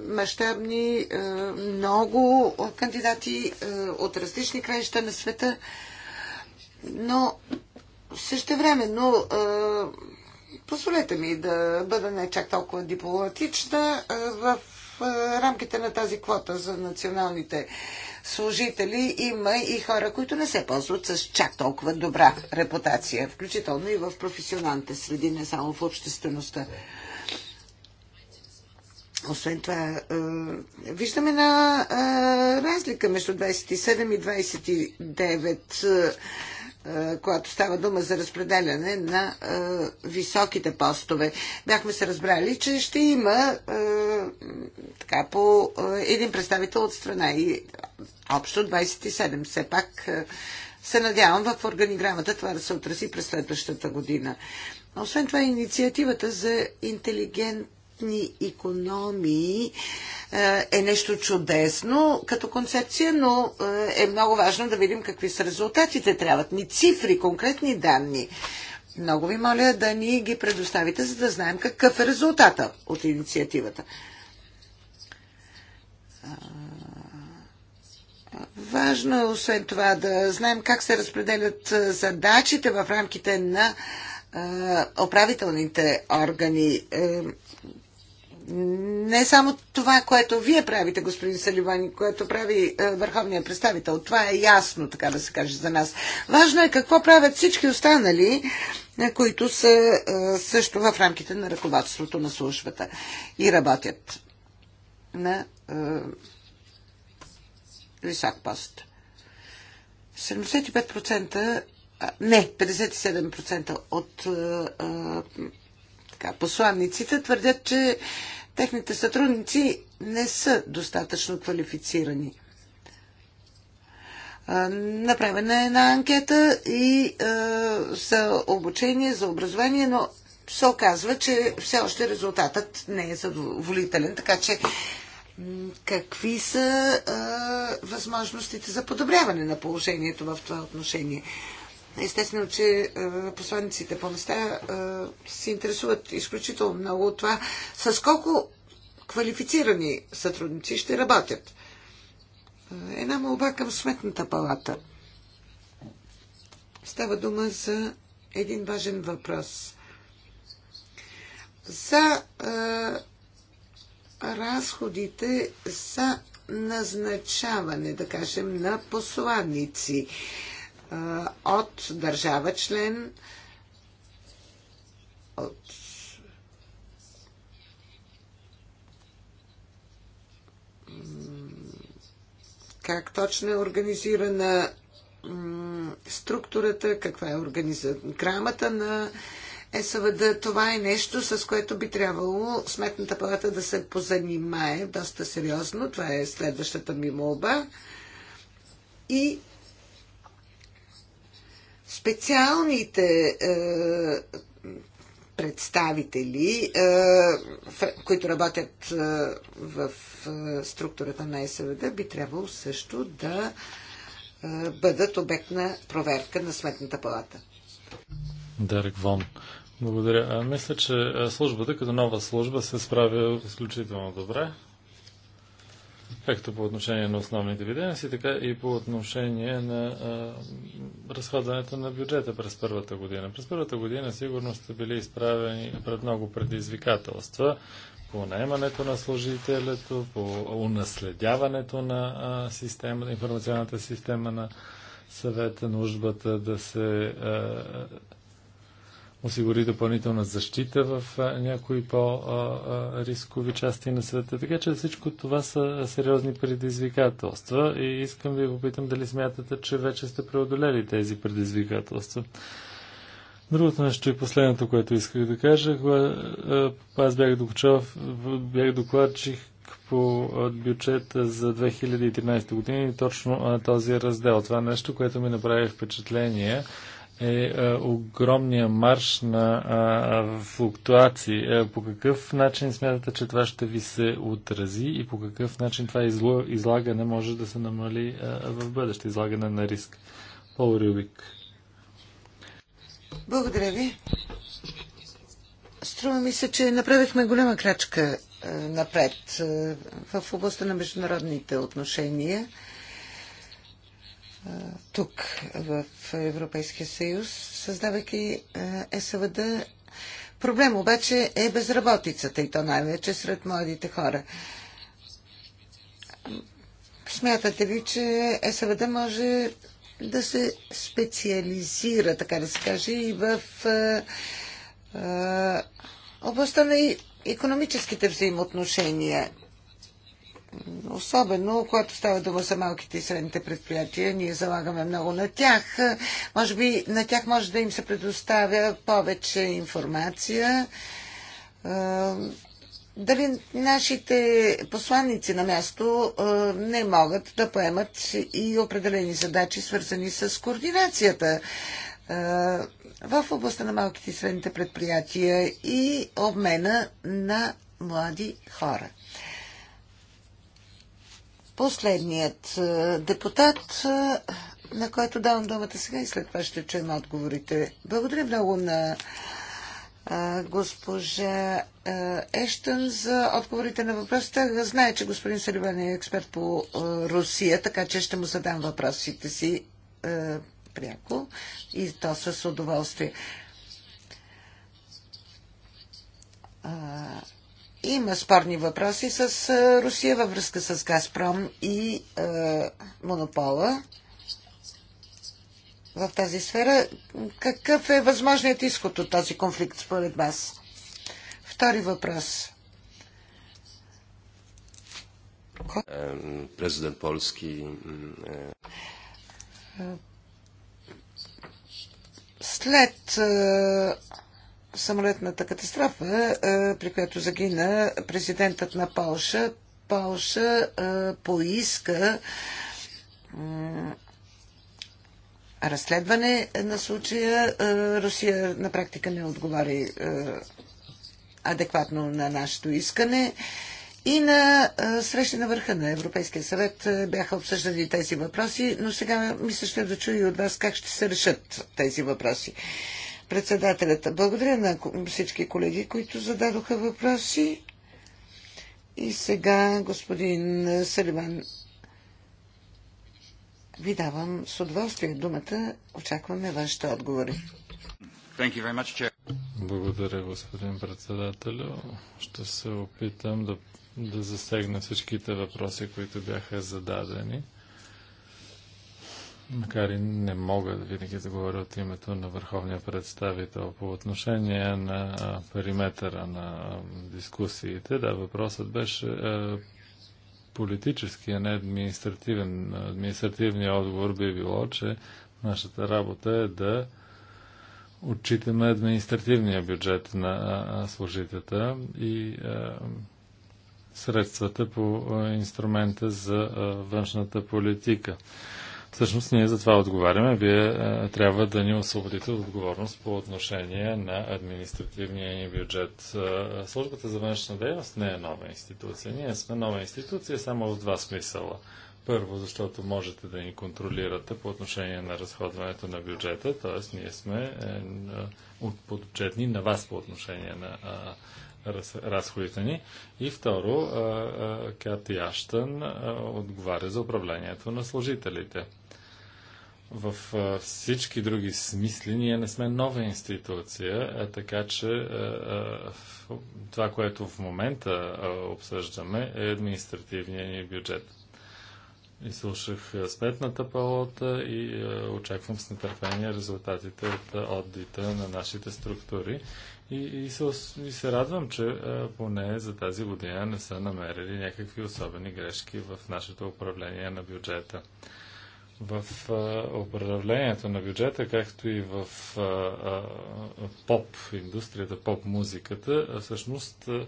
мащабни, много кандидати от различни краища на света, но също времено Позволете ми да бъда не чак толкова дипломатична в рамките на тази квота за националните служители има и хора, които не се ползват с чак толкова добра репутация, включително и в професионалните среди, не само в обществеността. Освен това, виждаме на разлика между 27 и 29 е, когато става дума за разпределяне на е, високите постове. Бяхме се разбрали, че ще има е, така по един представител от страна и общо 27. Все пак се надявам в органиграмата това да се отрази през следващата година. Освен това, инициативата за интелигент бюджетни економии е, е нещо чудесно като концепция, но е, е много важно да видим какви са резултатите. Трябват ни цифри, конкретни данни. Много ви моля да ни ги предоставите, за да знаем какъв е резултата от инициативата. Важно е освен това да знаем как се разпределят е, задачите в рамките на управителните органи не само това, което вие правите, господин Саливани, което прави е, върховният представител. Това е ясно, така да се каже за нас. Важно е какво правят всички останали, е, които са е, също в рамките на ръководството на службата и работят на е, висок пост. 75%, а, не, 57% от е, е, така, посланниците твърдят, че техните сътрудници не са достатъчно квалифицирани. Направена е една анкета и са за обучение, за образование, но се оказва, че все още резултатът не е задоволителен. Така че какви са възможностите за подобряване на положението в това отношение? Естествено, че е, посланиците по места е, се интересуват изключително много от това с колко квалифицирани сътрудници ще работят. Е, една молба към сметната палата. Става дума за един важен въпрос. За разходите за назначаване, да кажем, на посланници от държава член, от как точно е организирана структурата, каква е грамата на СВД. Това е нещо, с което би трябвало Сметната палата да се позанимае доста сериозно. Това е следващата ми молба. И специалните е, представители, е, които работят е, в структурата на СВД, би трябвало също да бъдат обект на проверка на Сметната палата. Дарек Вон. Благодаря. Мисля, че службата като нова служба се справя изключително добре както по отношение на основните виденци, така и по отношение на а, разходването на бюджета през първата година. През първата година сигурно сте били изправени пред много предизвикателства по наемането на служителето, по унаследяването на а, система, информационната система на съвета, нуждата да се а, осигури допълнителна защита в някои по-рискови части на света. Така че всичко това са сериозни предизвикателства и искам да ви попитам дали смятате, че вече сте преодолели тези предизвикателства. Другото нещо и последното, което исках да кажа, аз бях, докучав, бях докладчих по бюджета за 2013 година и точно този раздел. Това нещо, което ми направи впечатление, е, е огромния марш на флуктуации. Е, по какъв начин смятате, че това ще ви се отрази и по какъв начин това излагане може да се намали в бъдеще, излагане на риск? Пол Рюбик. Благодаря ви. Струва ми се, че направихме голяма крачка напред в областта на международните отношения тук в Европейския съюз, създавайки СВД. Проблем обаче е безработицата и то най-вече сред младите хора. Смятате ли, че СВД може да се специализира, така да се каже, и в областта на економическите взаимоотношения? Особено, когато става дума за малките и средните предприятия, ние залагаме много на тях. Може би на тях може да им се предоставя повече информация. Дали нашите посланници на място не могат да поемат и определени задачи, свързани с координацията в областта на малките и средните предприятия и обмена на млади хора. Последният е, депутат, е, на който давам думата сега и след това ще чуем отговорите. Благодаря много на е, госпожа Ештън за отговорите на въпросите. Знае, че господин Саливан е експерт по Русия, така че ще му задам въпросите си пряко и то с удоволствие. Има спорни въпроси с Русия във връзка с Газпром и е, монопола в тази сфера. Какъв е възможният изход от този конфликт според вас? Втори въпрос. Е, президент Полски. Е. След самолетната катастрофа, е, при която загина президентът на Полша, Полша е, поиска разследване на случая. Е, Русия на практика не отговори адекватно на нашето искане. И на среща на върха на Европейския съвет бяха обсъждани тези въпроси, но сега мисля ще да чуя и от вас как ще се решат тези въпроси. Председателят, благодаря на всички колеги, които зададоха въпроси. И сега, господин Салиман, ви давам с удоволствие думата. Очакваме вашите отговори. Благодаря, господин председател. Ще се опитам да, да засегна всичките въпроси, които бяха зададени макар и не мога винаги да говоря от името на върховния представител по отношение на периметъра на дискусиите. Да, въпросът беше политически, а не административен. Административният отговор би било, че нашата работа е да отчитаме административния бюджет на служитата и средствата по инструмента за външната политика. Всъщност ние за това отговаряме. Вие а, е, трябва да ни освободите от отговорност по отношение на административния ни бюджет. А, е, службата за външна дейност не е нова институция. Ние сме нова институция само в два смисъла. Първо, защото можете да ни контролирате по отношение на разходването на бюджета, т.е. ние сме е, е, подчетни на вас по отношение на а, е, раз, разходите ни. И второ, Кати Аштън отговаря за управлението на служителите. В всички други смисли ние не сме нова институция, така че това, което в момента обсъждаме е административния ни бюджет. Изслушах сметната палата и очаквам с нетърпение резултатите от одита на нашите структури и, и, се, и се радвам, че а, поне за тази година не са намерили някакви особени грешки в нашето управление на бюджета. В а, управлението на бюджета, както и в а, а, поп индустрията, поп музиката, всъщност. А,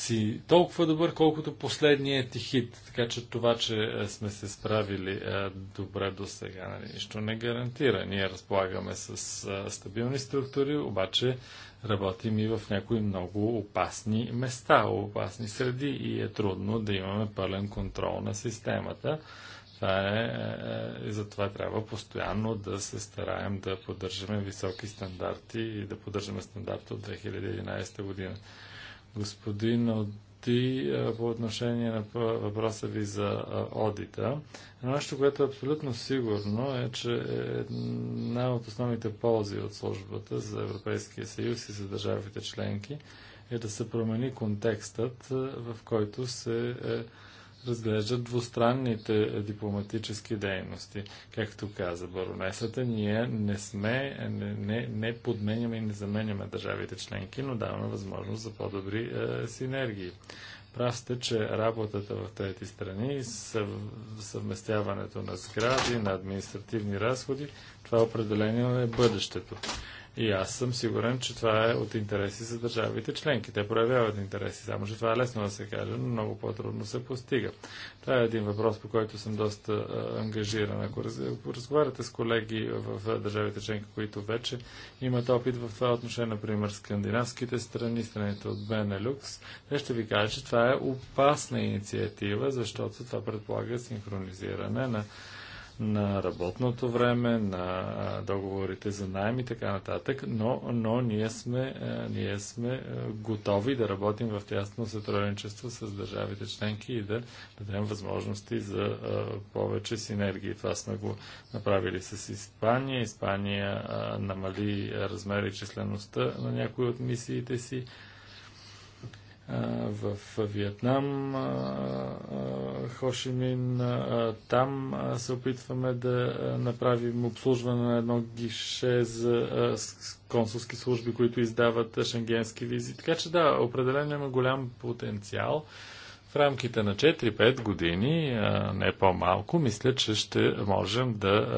си толкова добър, колкото последният ти хит. Така че това, че е, сме се справили е, добре до сега, нали, нищо не гарантира. Ние разполагаме с е, стабилни структури, обаче работим и в някои много опасни места, опасни среди и е трудно да имаме пълен контрол на системата. Това е, и затова трябва постоянно да се стараем да поддържаме високи стандарти и да поддържаме стандарта от 2011 година господин Оди е, по отношение на въпроса ви за е, одита. Но нещо, което е абсолютно сигурно е, че една от основните ползи от службата за Европейския съюз и за държавите членки е да се промени контекстът, е, в който се е, разглеждат двустранните дипломатически дейности. Както каза баронесата, ние не сме, не, не, не подменяме и не заменяме държавите членки, но даваме възможност за по-добри е, синергии. Прав сте, че работата в трети страни, и съвместяването на сгради, на административни разходи, това определение е бъдещето. И аз съм сигурен, че това е от интереси за държавите членки. Те проявяват интереси, само че това е лесно да се каже, но много по-трудно се постига. Това е един въпрос, по който съм доста а, ангажиран. Ако раз, разговаряте с колеги в, в държавите членки, които вече имат опит в това отношение, например скандинавските страни, страните от Бенелюкс, те ще ви кажат, че това е опасна инициатива, защото това предполага синхронизиране на на работното време, на договорите за найем и така нататък, но, но ние, сме, ние сме готови да работим в тясно сътрудничество с държавите членки и да дадем възможности за повече синергии. Това сме го направили с Испания. Испания намали размери и числеността на някои от мисиите си в Виетнам, Хошимин. Там се опитваме да направим обслужване на едно гише за консулски служби, които издават шенгенски визи. Така че да, определено има голям потенциал. В рамките на 4-5 години, не по-малко, мисля, че ще можем да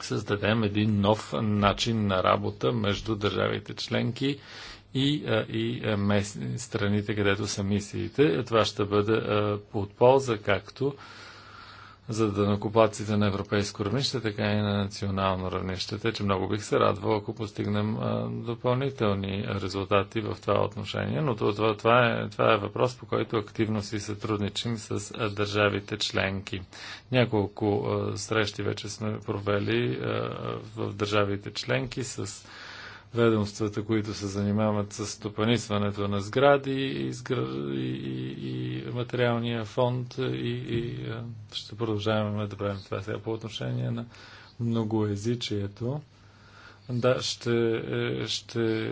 създадем един нов начин на работа между държавите членки и, и мест, страните, където са мисиите. Това ще бъде от полза както за да на европейско равнище, така и на национално равнище. Те, че много бих се радвал, ако постигнем допълнителни резултати в това отношение, но това, това, е, това е въпрос, по който активно си сътрудничим с държавите членки. Няколко срещи вече сме провели в държавите членки с ведомствата, които се занимават с стопанисването на сгради и, и, и материалния фонд и, и ще продължаваме да правим това сега по отношение на многоезичието. Да, ще, е, ще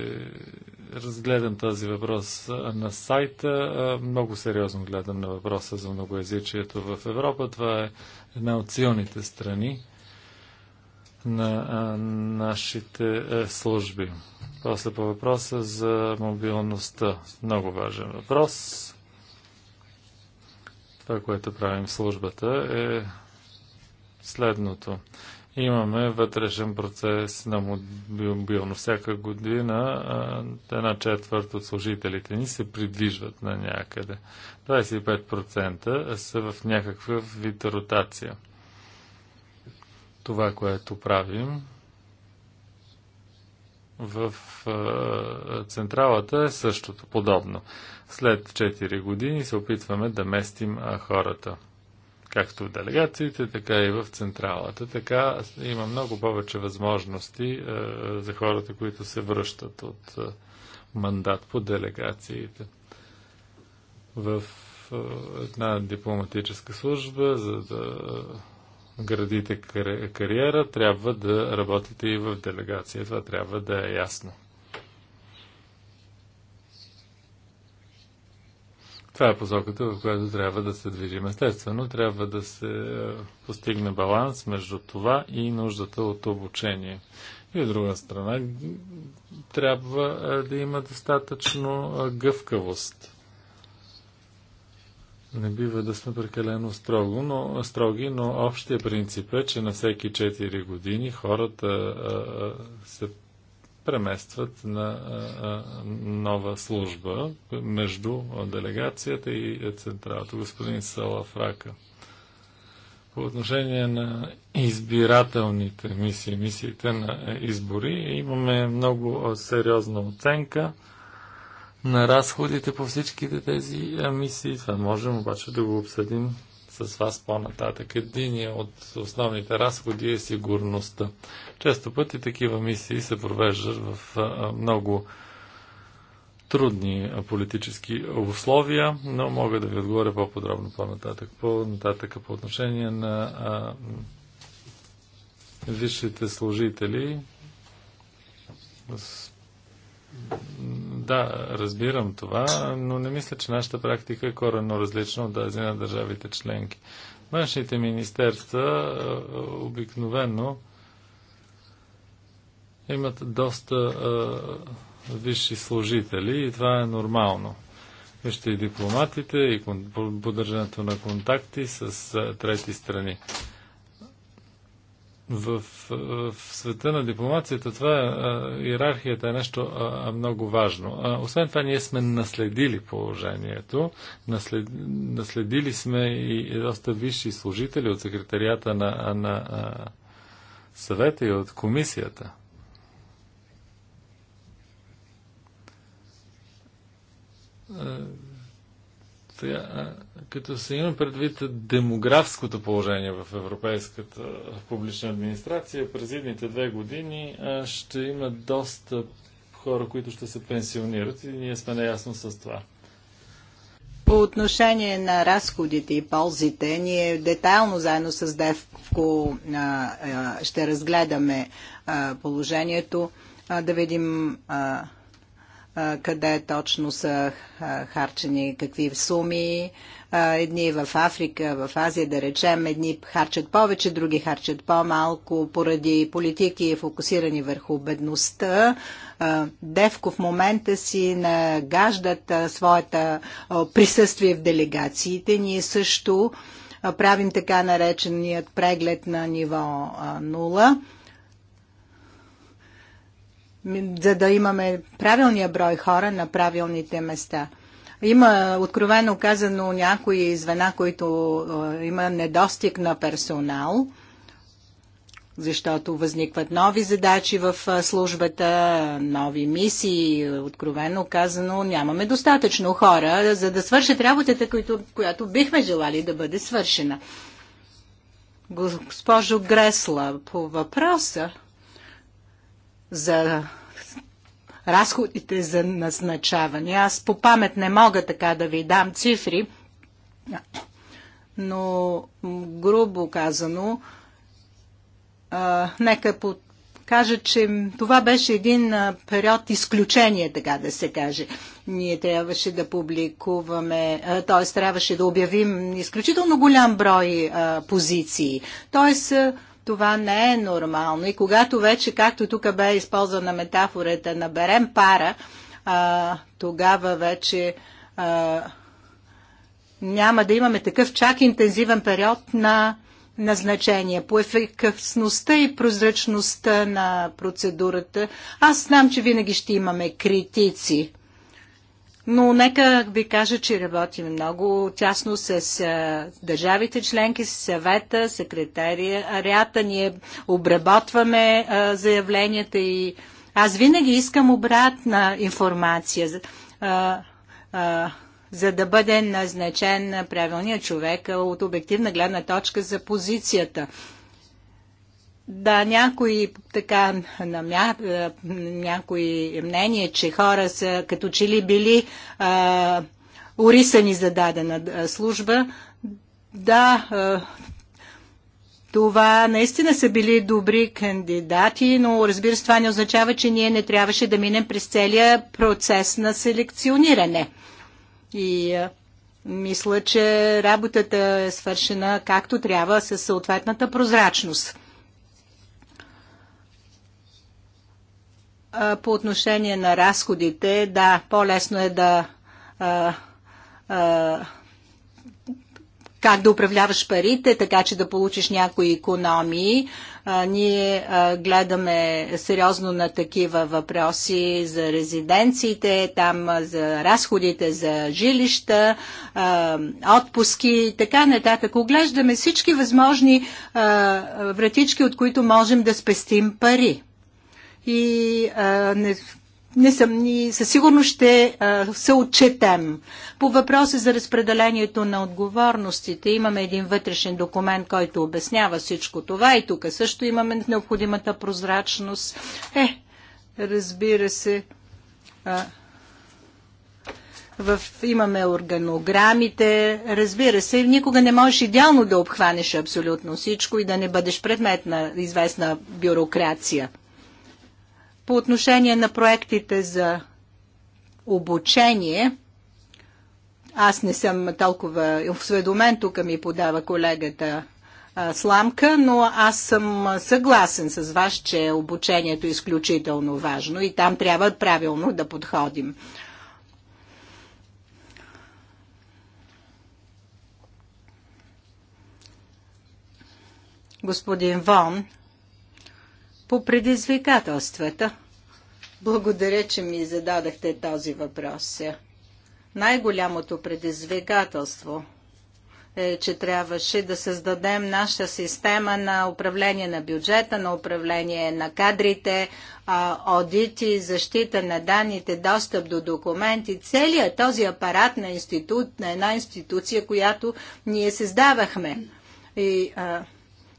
разгледам този въпрос на сайта. Много сериозно гледам на въпроса за многоязичието в Европа. Това е една от силните страни на а, нашите е, служби. После по въпроса за мобилността. Много важен въпрос. Това, което правим в службата е следното. Имаме вътрешен процес на мобилност. Всяка година а, една четвърт от служителите ни се придвижват на някъде. 25% са в някаква вид ротация – това, което правим в централата е същото, подобно. След 4 години се опитваме да местим хората. Както в делегациите, така и в централата. Така има много повече възможности за хората, които се връщат от мандат по делегациите. В една дипломатическа служба, за да градите кариера, трябва да работите и в делегация. Това трябва да е ясно. Това е посоката, в която трябва да се движим. Естествено, трябва да се е, постигне баланс между това и нуждата от обучение. И от друга страна, трябва е, да има достатъчно е, гъвкавост не бива да сме прекалено строго, но, строги, но общия принцип е, че на всеки 4 години хората а, се преместват на а, нова служба между делегацията и централата. Господин Салафрака. По отношение на избирателните мисии, мисиите на избори, имаме много сериозна оценка – на разходите по всичките тези мисии. Това можем обаче да го обсъдим с вас по-нататък. Единият от основните разходи е сигурността. Често пъти такива мисии се провеждат в много трудни политически условия, но мога да ви отговоря по-подробно по-нататък. По-нататък по отношение на висшите служители, да, разбирам това, но не мисля, че нашата практика е коренно различна от тази на държавите членки. Външните министерства е, е, обикновено имат доста а, е, висши служители и това е нормално. Вижте и дипломатите, и поддържането на контакти с трети страни в, в света на дипломацията това а, иерархията е нещо а, много важно. А, освен това, ние сме наследили положението. Наслед, наследили сме и доста висши служители от секретарията на, на а, съвета и от комисията като се има предвид демографското положение в европейската публична администрация, през едните две години ще има доста хора, които ще се пенсионират и ние сме наясно с това. По отношение на разходите и ползите, ние детайлно заедно с ДЕВКО ще разгледаме положението, да видим къде точно са харчени какви суми. Едни в Африка, в Азия, да речем, едни харчат повече, други харчат по-малко, поради политики фокусирани върху бедността. Девко в момента си нагаждат своята присъствие в делегациите. Ние също правим така нареченият преглед на ниво 0 за да имаме правилния брой хора на правилните места. Има откровено казано някои звена, които е, има недостиг на персонал, защото възникват нови задачи в е, службата, нови мисии. Откровено казано, нямаме достатъчно хора, за да свършат работата, която, която бихме желали да бъде свършена. Госпожо Гресла, по въпроса за разходите за назначаване. Аз по памет не мога така да ви дам цифри, но грубо казано, а, нека по кажа, че това беше един период изключение, така да се каже. Ние трябваше да публикуваме, т.е. трябваше да обявим изключително голям брой а, позиции. Тоест, това не е нормално. И когато вече, както тук бе използвана метафората, наберем пара, а, тогава вече а, няма да имаме такъв чак интензивен период на назначение, по ефикасността и прозрачността на процедурата. Аз знам, че винаги ще имаме критици но нека ви кажа, че работим много тясно с държавите членки, с съвета, секретарията. Ние обработваме заявленията и аз винаги искам обратна информация, за да бъде назначен правилният човек от обективна гледна точка за позицията да, някои така, намя, е, някои мнение, че хора са като че ли били а, е, урисани за дадена е, служба. Да, а, това наистина са били добри кандидати, но разбира се, това не означава, че ние не трябваше да минем през целия процес на селекциониране. И а, мисля, че работата е свършена както трябва, със съответната прозрачност. По отношение на разходите, да, по-лесно е да как да управляваш парите, така че да получиш някои економии. А, ние а, гледаме сериозно на такива въпроси за резиденциите, там а, за разходите за жилища, а, отпуски и така нататък. Оглеждаме всички възможни а, вратички, от които можем да спестим пари и а, не, ни, със сигурност ще а, се отчетем. По въпроса за разпределението на отговорностите имаме един вътрешен документ, който обяснява всичко това и тук също имаме необходимата прозрачност. Е, разбира се, а, в, имаме органограмите, разбира се, никога не можеш идеално да обхванеш абсолютно всичко и да не бъдеш предмет на известна бюрокрация. По отношение на проектите за обучение, аз не съм толкова осведомен, тук ми подава колегата сламка, но аз съм съгласен с вас, че обучението е изключително важно и там трябва правилно да подходим. Господин Вон по предизвикателствата. Благодаря, че ми зададахте този въпрос. Най-голямото предизвикателство е, че трябваше да създадем наша система на управление на бюджета, на управление на кадрите, одити, защита на данните, достъп до документи, целият този апарат на, институт, на една институция, която ние създавахме. И а,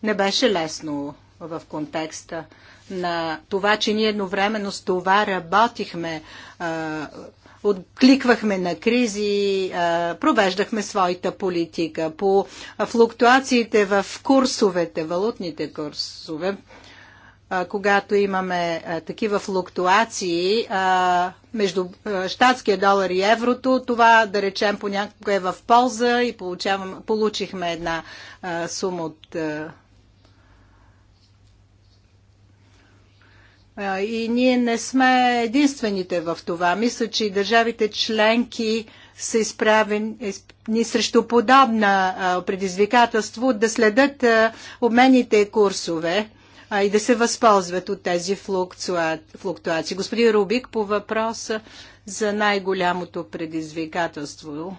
не беше лесно в контекста на това, че ние едновременно с това работихме, откликвахме на кризи, провеждахме своята политика по флуктуациите в курсовете, валутните курсове. Когато имаме такива флуктуации между щатския долар и еврото, това да речем понякога е в полза и получихме една сума от И ние не сме единствените в това. Мисля, че и държавите членки са изправени срещу подобна предизвикателство да следят обмените курсове и да се възползват от тези флуктуации. Господин Рубик, по въпроса за най-голямото предизвикателство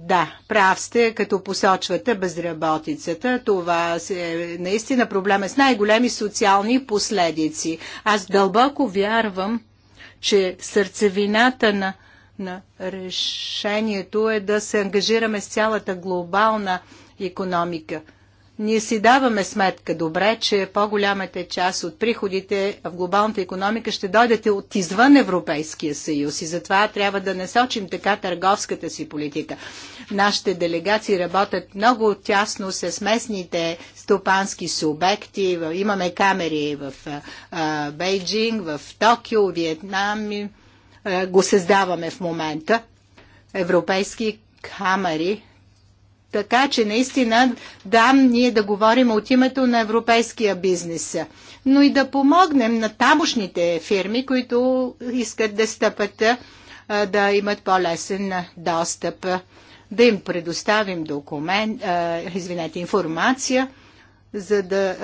да, прав сте, като посочвате безработицата. Това е наистина проблема с най-големи социални последици. Аз дълбоко вярвам, че сърцевината на, на решението е да се ангажираме с цялата глобална економика – ние си даваме сметка добре, че по-голямата част от приходите в глобалната економика ще дойдете от извън Европейския съюз и затова трябва да насочим така търговската си политика. Нашите делегации работят много тясно с местните стопански субекти. Имаме камери в Бейджинг, в Токио, Виетнам. Го създаваме в момента. Европейски камери така че наистина да, ние да говорим от името на европейския бизнес, но и да помогнем на тамошните фирми, които искат да стъпат да имат по-лесен достъп, да им предоставим документ, извинете, информация, за да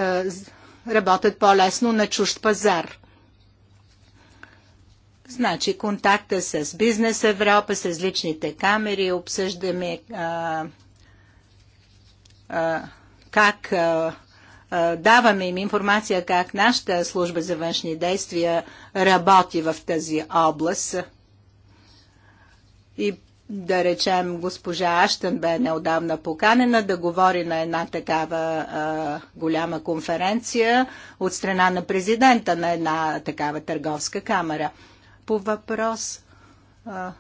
работят по-лесно на чужд пазар. Значи контакта с Бизнес Европа, с личните камери, обсъждаме как даваме им информация как нашата служба за външни действия работи в тази област. И да речем, госпожа Аштън бе неодавна поканена да говори на една такава а, голяма конференция от страна на президента на една такава търговска камера. По въпрос а,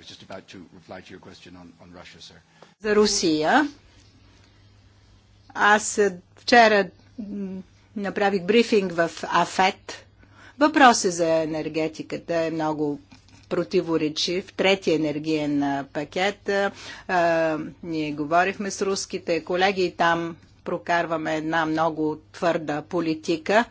was just about to reply to your question on, on Russia, sir. За Русия. Аз е, вчера направих брифинг в АФЕТ. Въпросът е за енергетиката е много противоречив. Третия енергиен пакет. А, ние говорихме с руските колеги и там прокарваме една много твърда политика.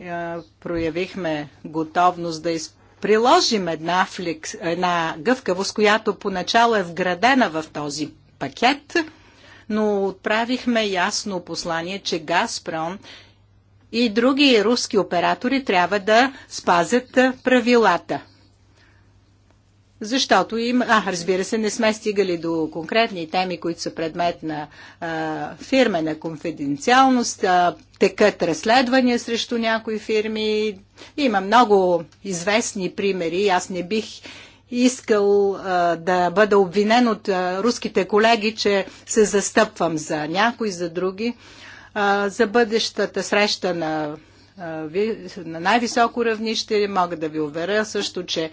А, е, проявихме готовност да изпълняваме приложим една, фликс, една гъвкавост, която поначало е вградена в този пакет, но отправихме ясно послание, че Газпром и други руски оператори трябва да спазят правилата защото им, а, разбира се, не сме стигали до конкретни теми, които са предмет на а, фирме, на конфиденциалност, а, текат разследвания срещу някои фирми. Има много известни примери. Аз не бих искал а, да бъда обвинен от а, руските колеги, че се застъпвам за някои, за други. А, за бъдещата среща на на най-високо равнище. Мога да ви уверя също, че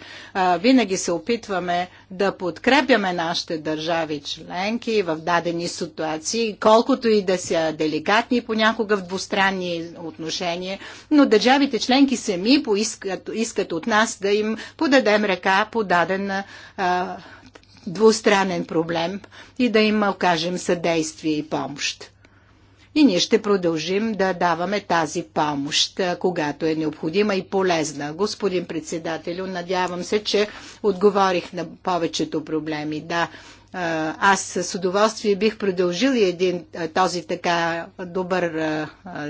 винаги се опитваме да подкрепяме нашите държави членки в дадени ситуации, колкото и да са деликатни понякога в двустранни отношения, но държавите членки сами поискат, искат от нас да им подадем ръка по даден двустранен проблем и да им окажем съдействие и помощ. И ние ще продължим да даваме тази помощ, когато е необходима и полезна. Господин председателю, надявам се, че отговорих на повечето проблеми. Да, аз с удоволствие бих продължил един, този така добър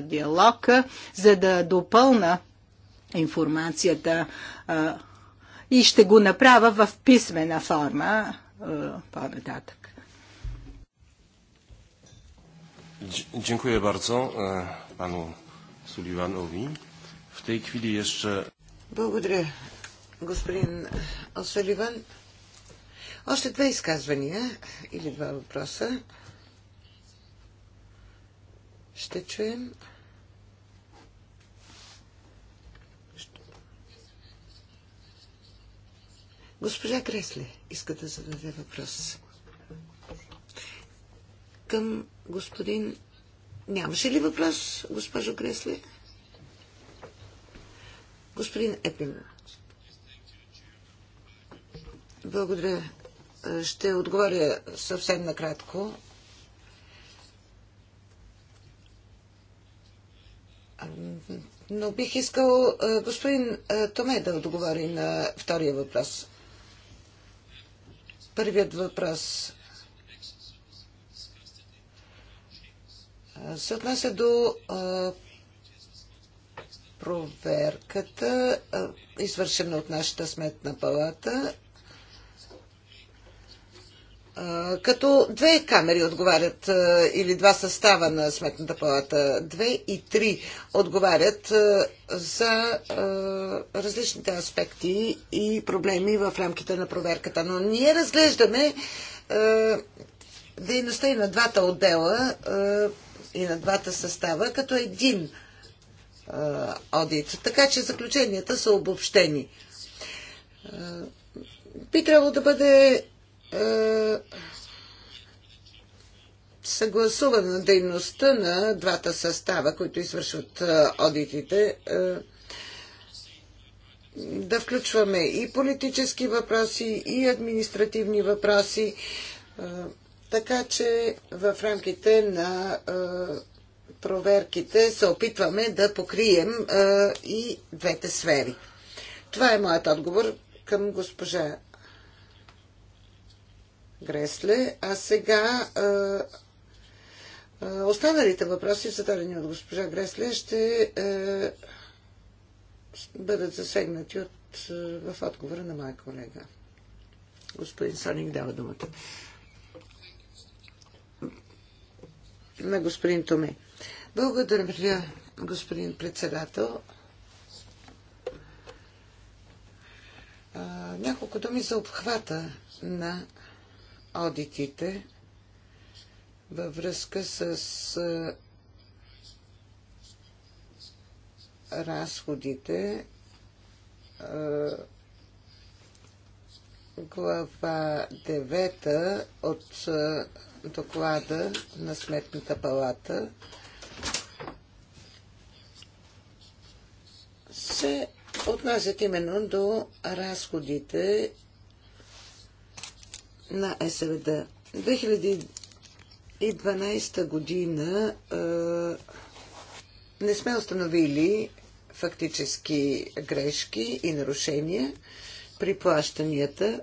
диалог, за да допълна информацията и ще го направя в писмена форма по-нататък. Dziękuję bardzo e, panu Sullivanowi. W tej chwili jeszcze... Благодаря, господин Осоливан. Още две изказвания или два въпроса. Ще чуем. Госпожа Кресле иска да зададе въпрос към Господин... Нямаше ли въпрос, госпожо Гресле? Господин Епин. Благодаря. Ще отговоря съвсем накратко. Но бих искал господин Томе да отговори на втория въпрос. Първият въпрос се отнася до проверката, извършена от нашата сметна палата, като две камери отговарят, или два състава на Сметната палата, две и три отговарят за различните аспекти и проблеми в рамките на проверката. Но ние разглеждаме дейността и на двата отдела и на двата състава като един одит. Така че заключенията са обобщени. би трябвало да бъде съгласувана дейността на двата състава, които извършват одитите. да включваме и политически въпроси, и административни въпроси. Така че в рамките на проверките се опитваме да покрием и двете сфери. Това е моят отговор към госпожа Гресле. А сега останалите въпроси, зададени от госпожа Гресле, ще бъдат засегнати от, в отговора на моя колега. Господин Соник дава думата. на господин Томе. Благодаря, господин председател. няколко думи за обхвата на одитите във връзка с разходите глава 9 от доклада на Сметната палата се отнасят именно до разходите на СВД. 2012 година е, не сме установили фактически грешки и нарушения при плащанията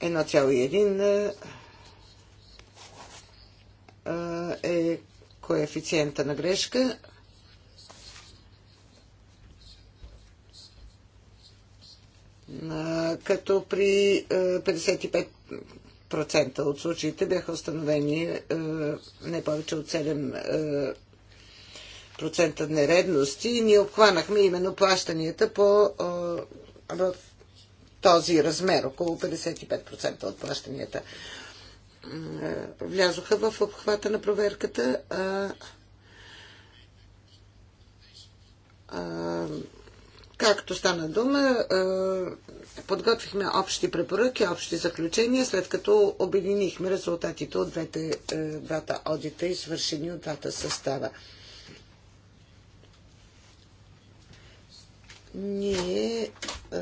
1,1 е коефициента на грешка. Като при 55% от случаите бяха установени не повече от 7 нередности и ние обхванахме именно плащанията по, в този размер, около 55% от плащанията влязоха в обхвата на проверката. А, а, както стана дума, а, подготвихме общи препоръки, общи заключения, след като обединихме резултатите от двете, е, двата одита, и свършени от двата състава. Ние е,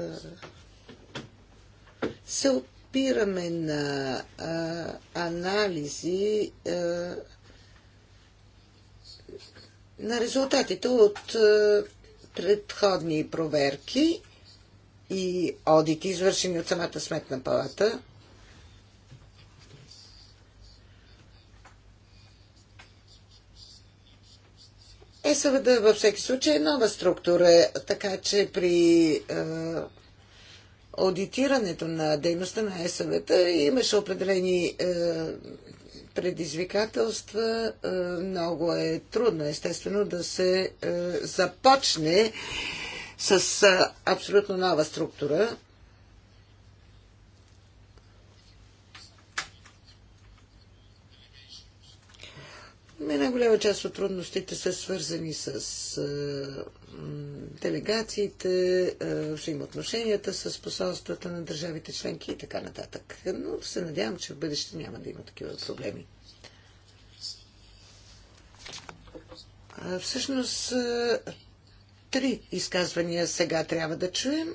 се опираме на а, анализи а, на резултатите от а, предходни проверки и одити, извършени от самата сметна палата. ЕСВД във всеки случай е нова структура, така че при аудитирането на дейността на ЕСВ-та имаше определени е, предизвикателства. Е, много е трудно, естествено, да се е, започне с е, абсолютно нова структура. Една голяма част от трудностите са свързани с е, делегациите, взаимоотношенията с посолствата на държавите членки и така нататък. Но се надявам, че в бъдеще няма да има такива проблеми. Всъщност, три изказвания сега трябва да чуем.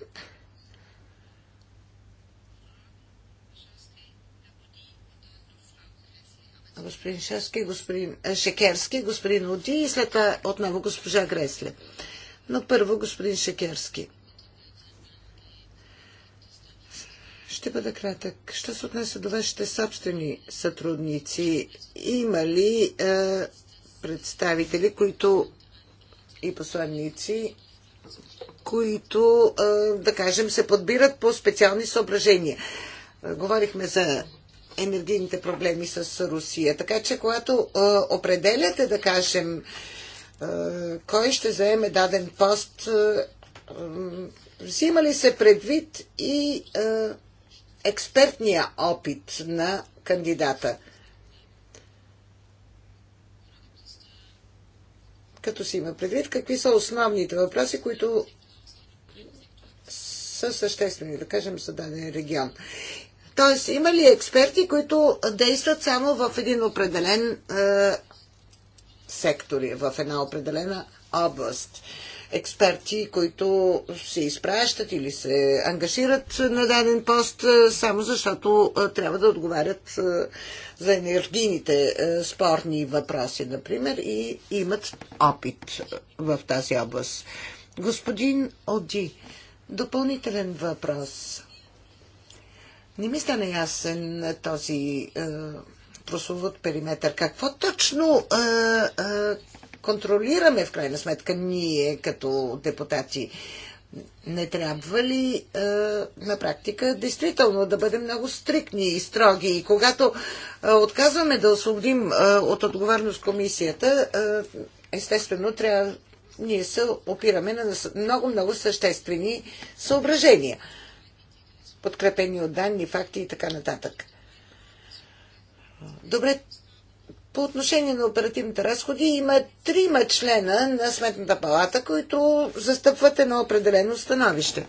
господин Шески, господин Шекерски, господин Оди и след това отново госпожа Гресле. Но първо господин Шекерски. Ще бъда кратък. Що се отнесе до вашите собствени сътрудници? Има ли е, представители, които и посланници, които, е, да кажем, се подбират по специални съображения? Е, говорихме за енергийните проблеми с Русия. Така че, когато е, определяте, да кажем, е, кой ще заеме даден пост, взима ли се предвид и експертния опит на кандидата. Като си има предвид, какви са основните въпроси, които са съществени, да кажем, за даден регион. Тоест, има ли експерти, които действат само в един определен е, сектори, в една определена област. Експерти, които се изпращат или се ангажират на даден пост, е, само защото е, трябва да отговарят е, за енергийните спорни въпроси, например, и имат опит в тази област. Господин Оди, допълнителен въпрос. Не ми стана ясен този прословут периметър. Какво точно а, а, контролираме в крайна сметка ние като депутати? Не трябва ли а, на практика действително да бъдем много стрикни и строги? И когато а, отказваме да освободим а, от отговорност комисията, а, естествено трябва ние се опираме на много-много съществени съображения, подкрепени от данни, факти и така нататък. Добре, по отношение на оперативните разходи има трима члена на Сметната палата, които застъпват едно определено становище.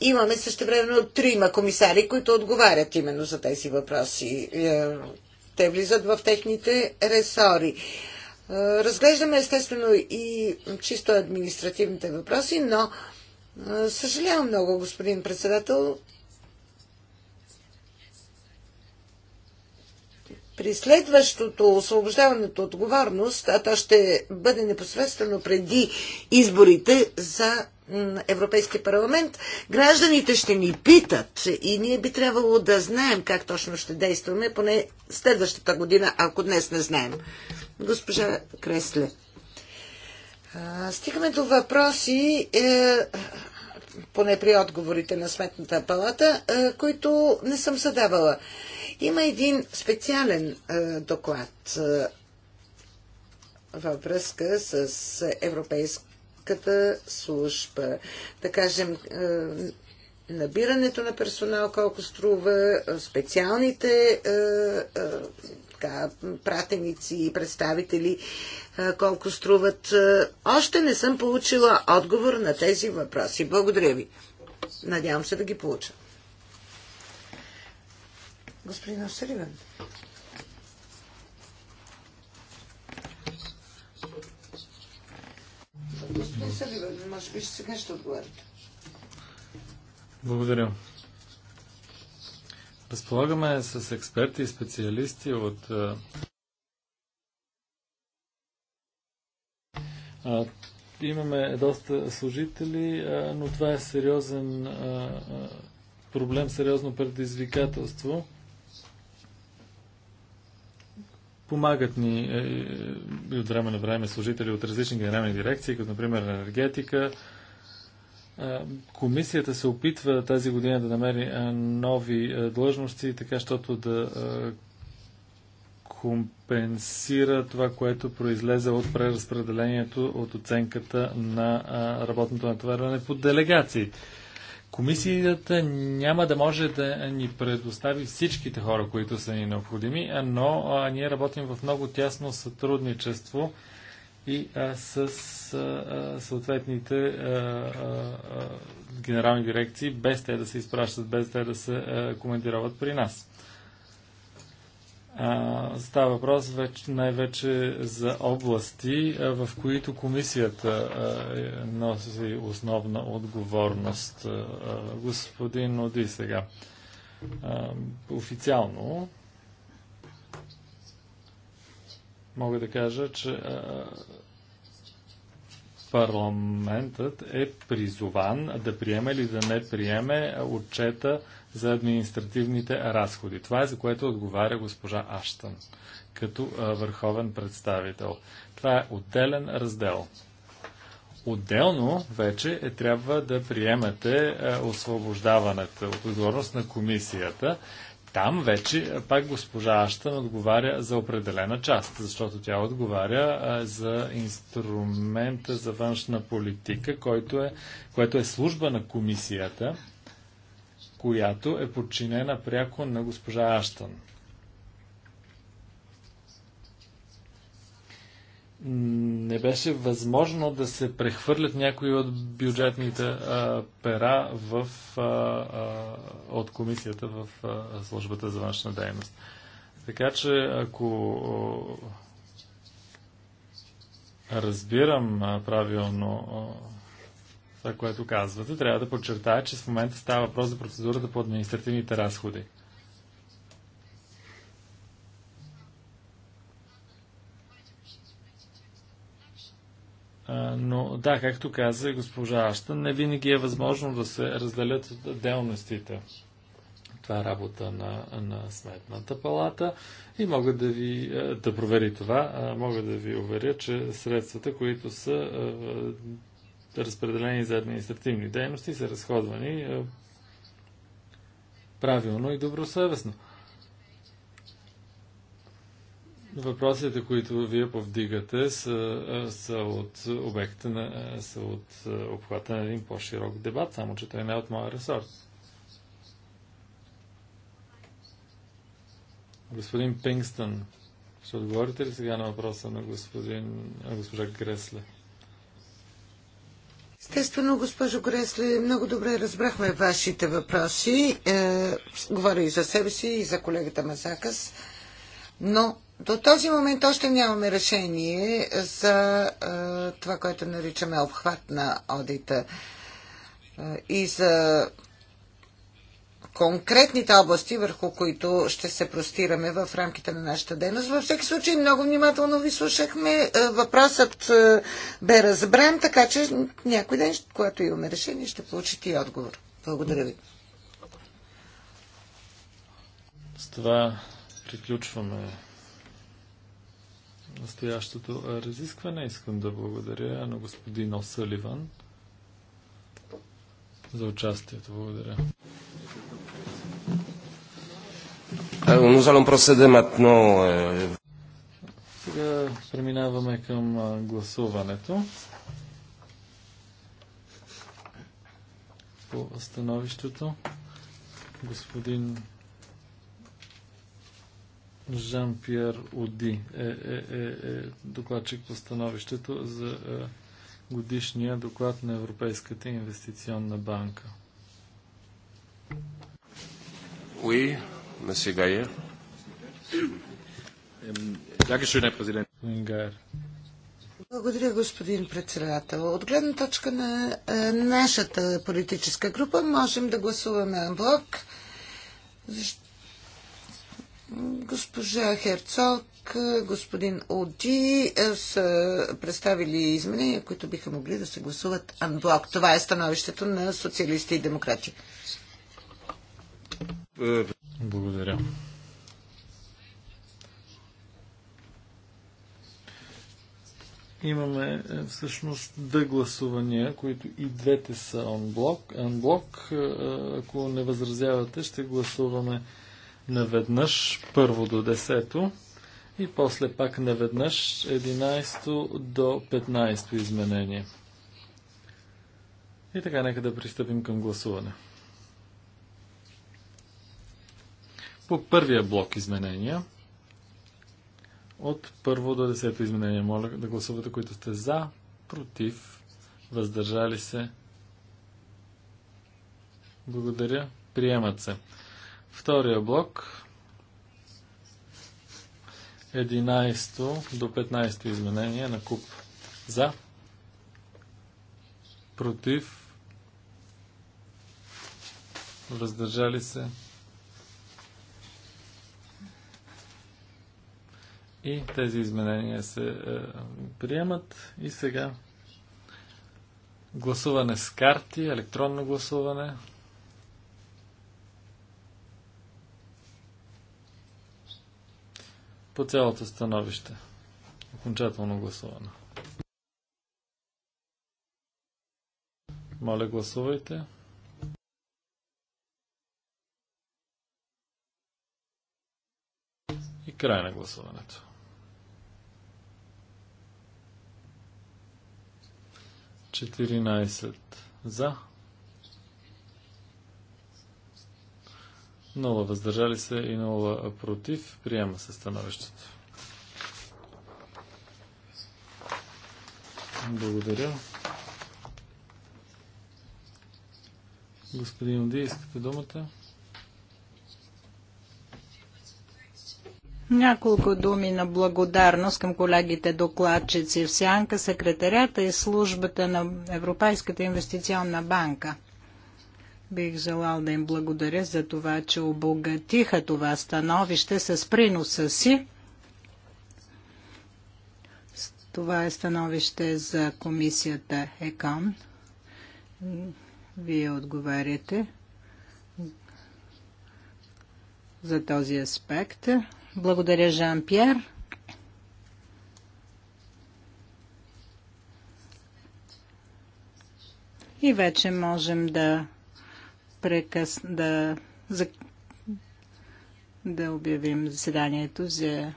Имаме също времено трима комисари, които отговарят именно за тези въпроси. Е, те влизат в техните ресори. Е, разглеждаме естествено и чисто административните въпроси, но е, съжалявам много, господин председател, при следващото освобождаването от отговорност, а то ще бъде непосредствено преди изборите за Европейския парламент, гражданите ще ни питат и ние би трябвало да знаем как точно ще действаме, поне следващата година, ако днес не знаем. Госпожа Кресле. Стигаме до въпроси, е, поне при отговорите на Сметната палата, е, които не съм задавала. Има един специален доклад във връзка с Европейската служба. Да кажем, набирането на персонал колко струва, специалните така, пратеници и представители колко струват. Още не съм получила отговор на тези въпроси. Благодаря ви. Надявам се да ги получа. Господин Оселивен. Господин Съливен, може би ще сега ще отговорите. Благодаря. Разполагаме с експерти и специалисти от а, имаме доста служители, а, но това е сериозен а, проблем, сериозно предизвикателство. Помагат ни е, от време на време служители от различни генерални дирекции, като например енергетика. Е, комисията се опитва тази година да намери е, нови е, длъжности, така щото да компенсира това, което произлезе от преразпределението от оценката на работното натоварване по делегациите. Комисията няма да може да ни предостави всичките хора, които са ни необходими, но ние работим в много тясно сътрудничество и с съответните генерални дирекции, без те да се изпращат, без те да се коментироват при нас става въпрос най-вече за области, в които комисията е, носи основна отговорност. Господин Оди сега. Официално мога да кажа, че парламентът е призован да приеме или да не приеме отчета за административните разходи. Това е за което отговаря госпожа Аштън като върховен представител. Това е отделен раздел. Отделно вече е, трябва да приемете освобождаването от отговорност на комисията. Там вече пак госпожа Аштън отговаря за определена част, защото тя отговаря за инструмента за външна политика, който е, което е служба на комисията която е подчинена пряко на госпожа Аштън. не беше възможно да се прехвърлят някои от бюджетните а, пера в, а, а, от комисията в а, службата за външна дейност. Така че ако разбирам правилно това, което казвате. Трябва да подчертая, че в момента става въпрос за процедурата по административните разходи. Но да, както каза госпожа Аща, не винаги е възможно да се разделят отделностите. Това е работа на, на Сметната палата и мога да ви да провери това. Мога да ви уверя, че средствата, които са разпределени за административни дейности, са разходвани е, правилно и добросъвестно. Въпросите, които вие повдигате, са, е, са от обекта на, е, са от обхвата на един по-широк дебат, само че той не е от моя ресорт. Господин Пингстън, ще отговорите ли сега на въпроса на господин, госпожа Гресле? Естествено, госпожо Гресле, много добре разбрахме вашите въпроси. Е, говоря и за себе си, и за колегата Мазакас. Но до този момент още нямаме решение за е, това, което наричаме обхват на одита е, и за конкретните области, върху които ще се простираме в рамките на нашата дейност. Във всеки случай много внимателно ви слушахме. Е, въпросът е, бе разбран, така че някой ден, когато имаме решение, ще получите и отговор. Благодаря ви. С това приключваме настоящото разискване. Искам да благодаря на господин Осъливан за участието. Благодаря. Nous allons procéder maintenant. Сега преминаваме към гласуването. По становището господин Жан-Пьер Оди е, е, е, е докладчик по становището за е, годишния доклад на Европейската инвестиционна банка. Oui. Monsieur Gaillard. Благодаря, господин председател. От гледна точка на е, нашата политическа група можем да гласуваме анблок. Госпожа Херцог, е, господин Оди е, са представили изменения, които биха могли да се гласуват анблок. Това е становището на социалисти и демократи. Благодаря. Имаме е, всъщност две гласувания, които и двете са анблок. Анблок, е, е, ако не възразявате, ще гласуваме наведнъж първо до десето и после пак наведнъж 11 до 15 изменение. И така, нека да пристъпим към гласуване. По първия блок изменения, от първо до десето изменение, моля да гласувате, които сте за, против, въздържали се. Благодаря. Приемат се. Втория блок. 11 до 15 изменение на куп. За. Против. Въздържали се. И тези изменения се е, приемат. И сега гласуване с карти, електронно гласуване. По цялото становище. Окончателно гласуване. Моля, гласувайте. И край на гласуването. 14 за. 0 въздържали се и 0 против. Приема се становището. Благодаря. Господин Оди, искате думата? Няколко думи на благодарност към колегите докладчици в Сянка, секретарята и службата на Европейската инвестиционна банка. Бих желал да им благодаря за това, че обогатиха това становище с приноса си. Това е становище за комисията ЕКОН. Вие отговаряте за този аспект. Благодаря, Жан-Пьер. И вече можем да прекъс... да... За... да обявим заседанието за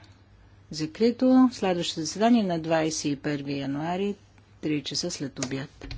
закрито. Следващото заседание на 21 януари, 3 часа след обяд.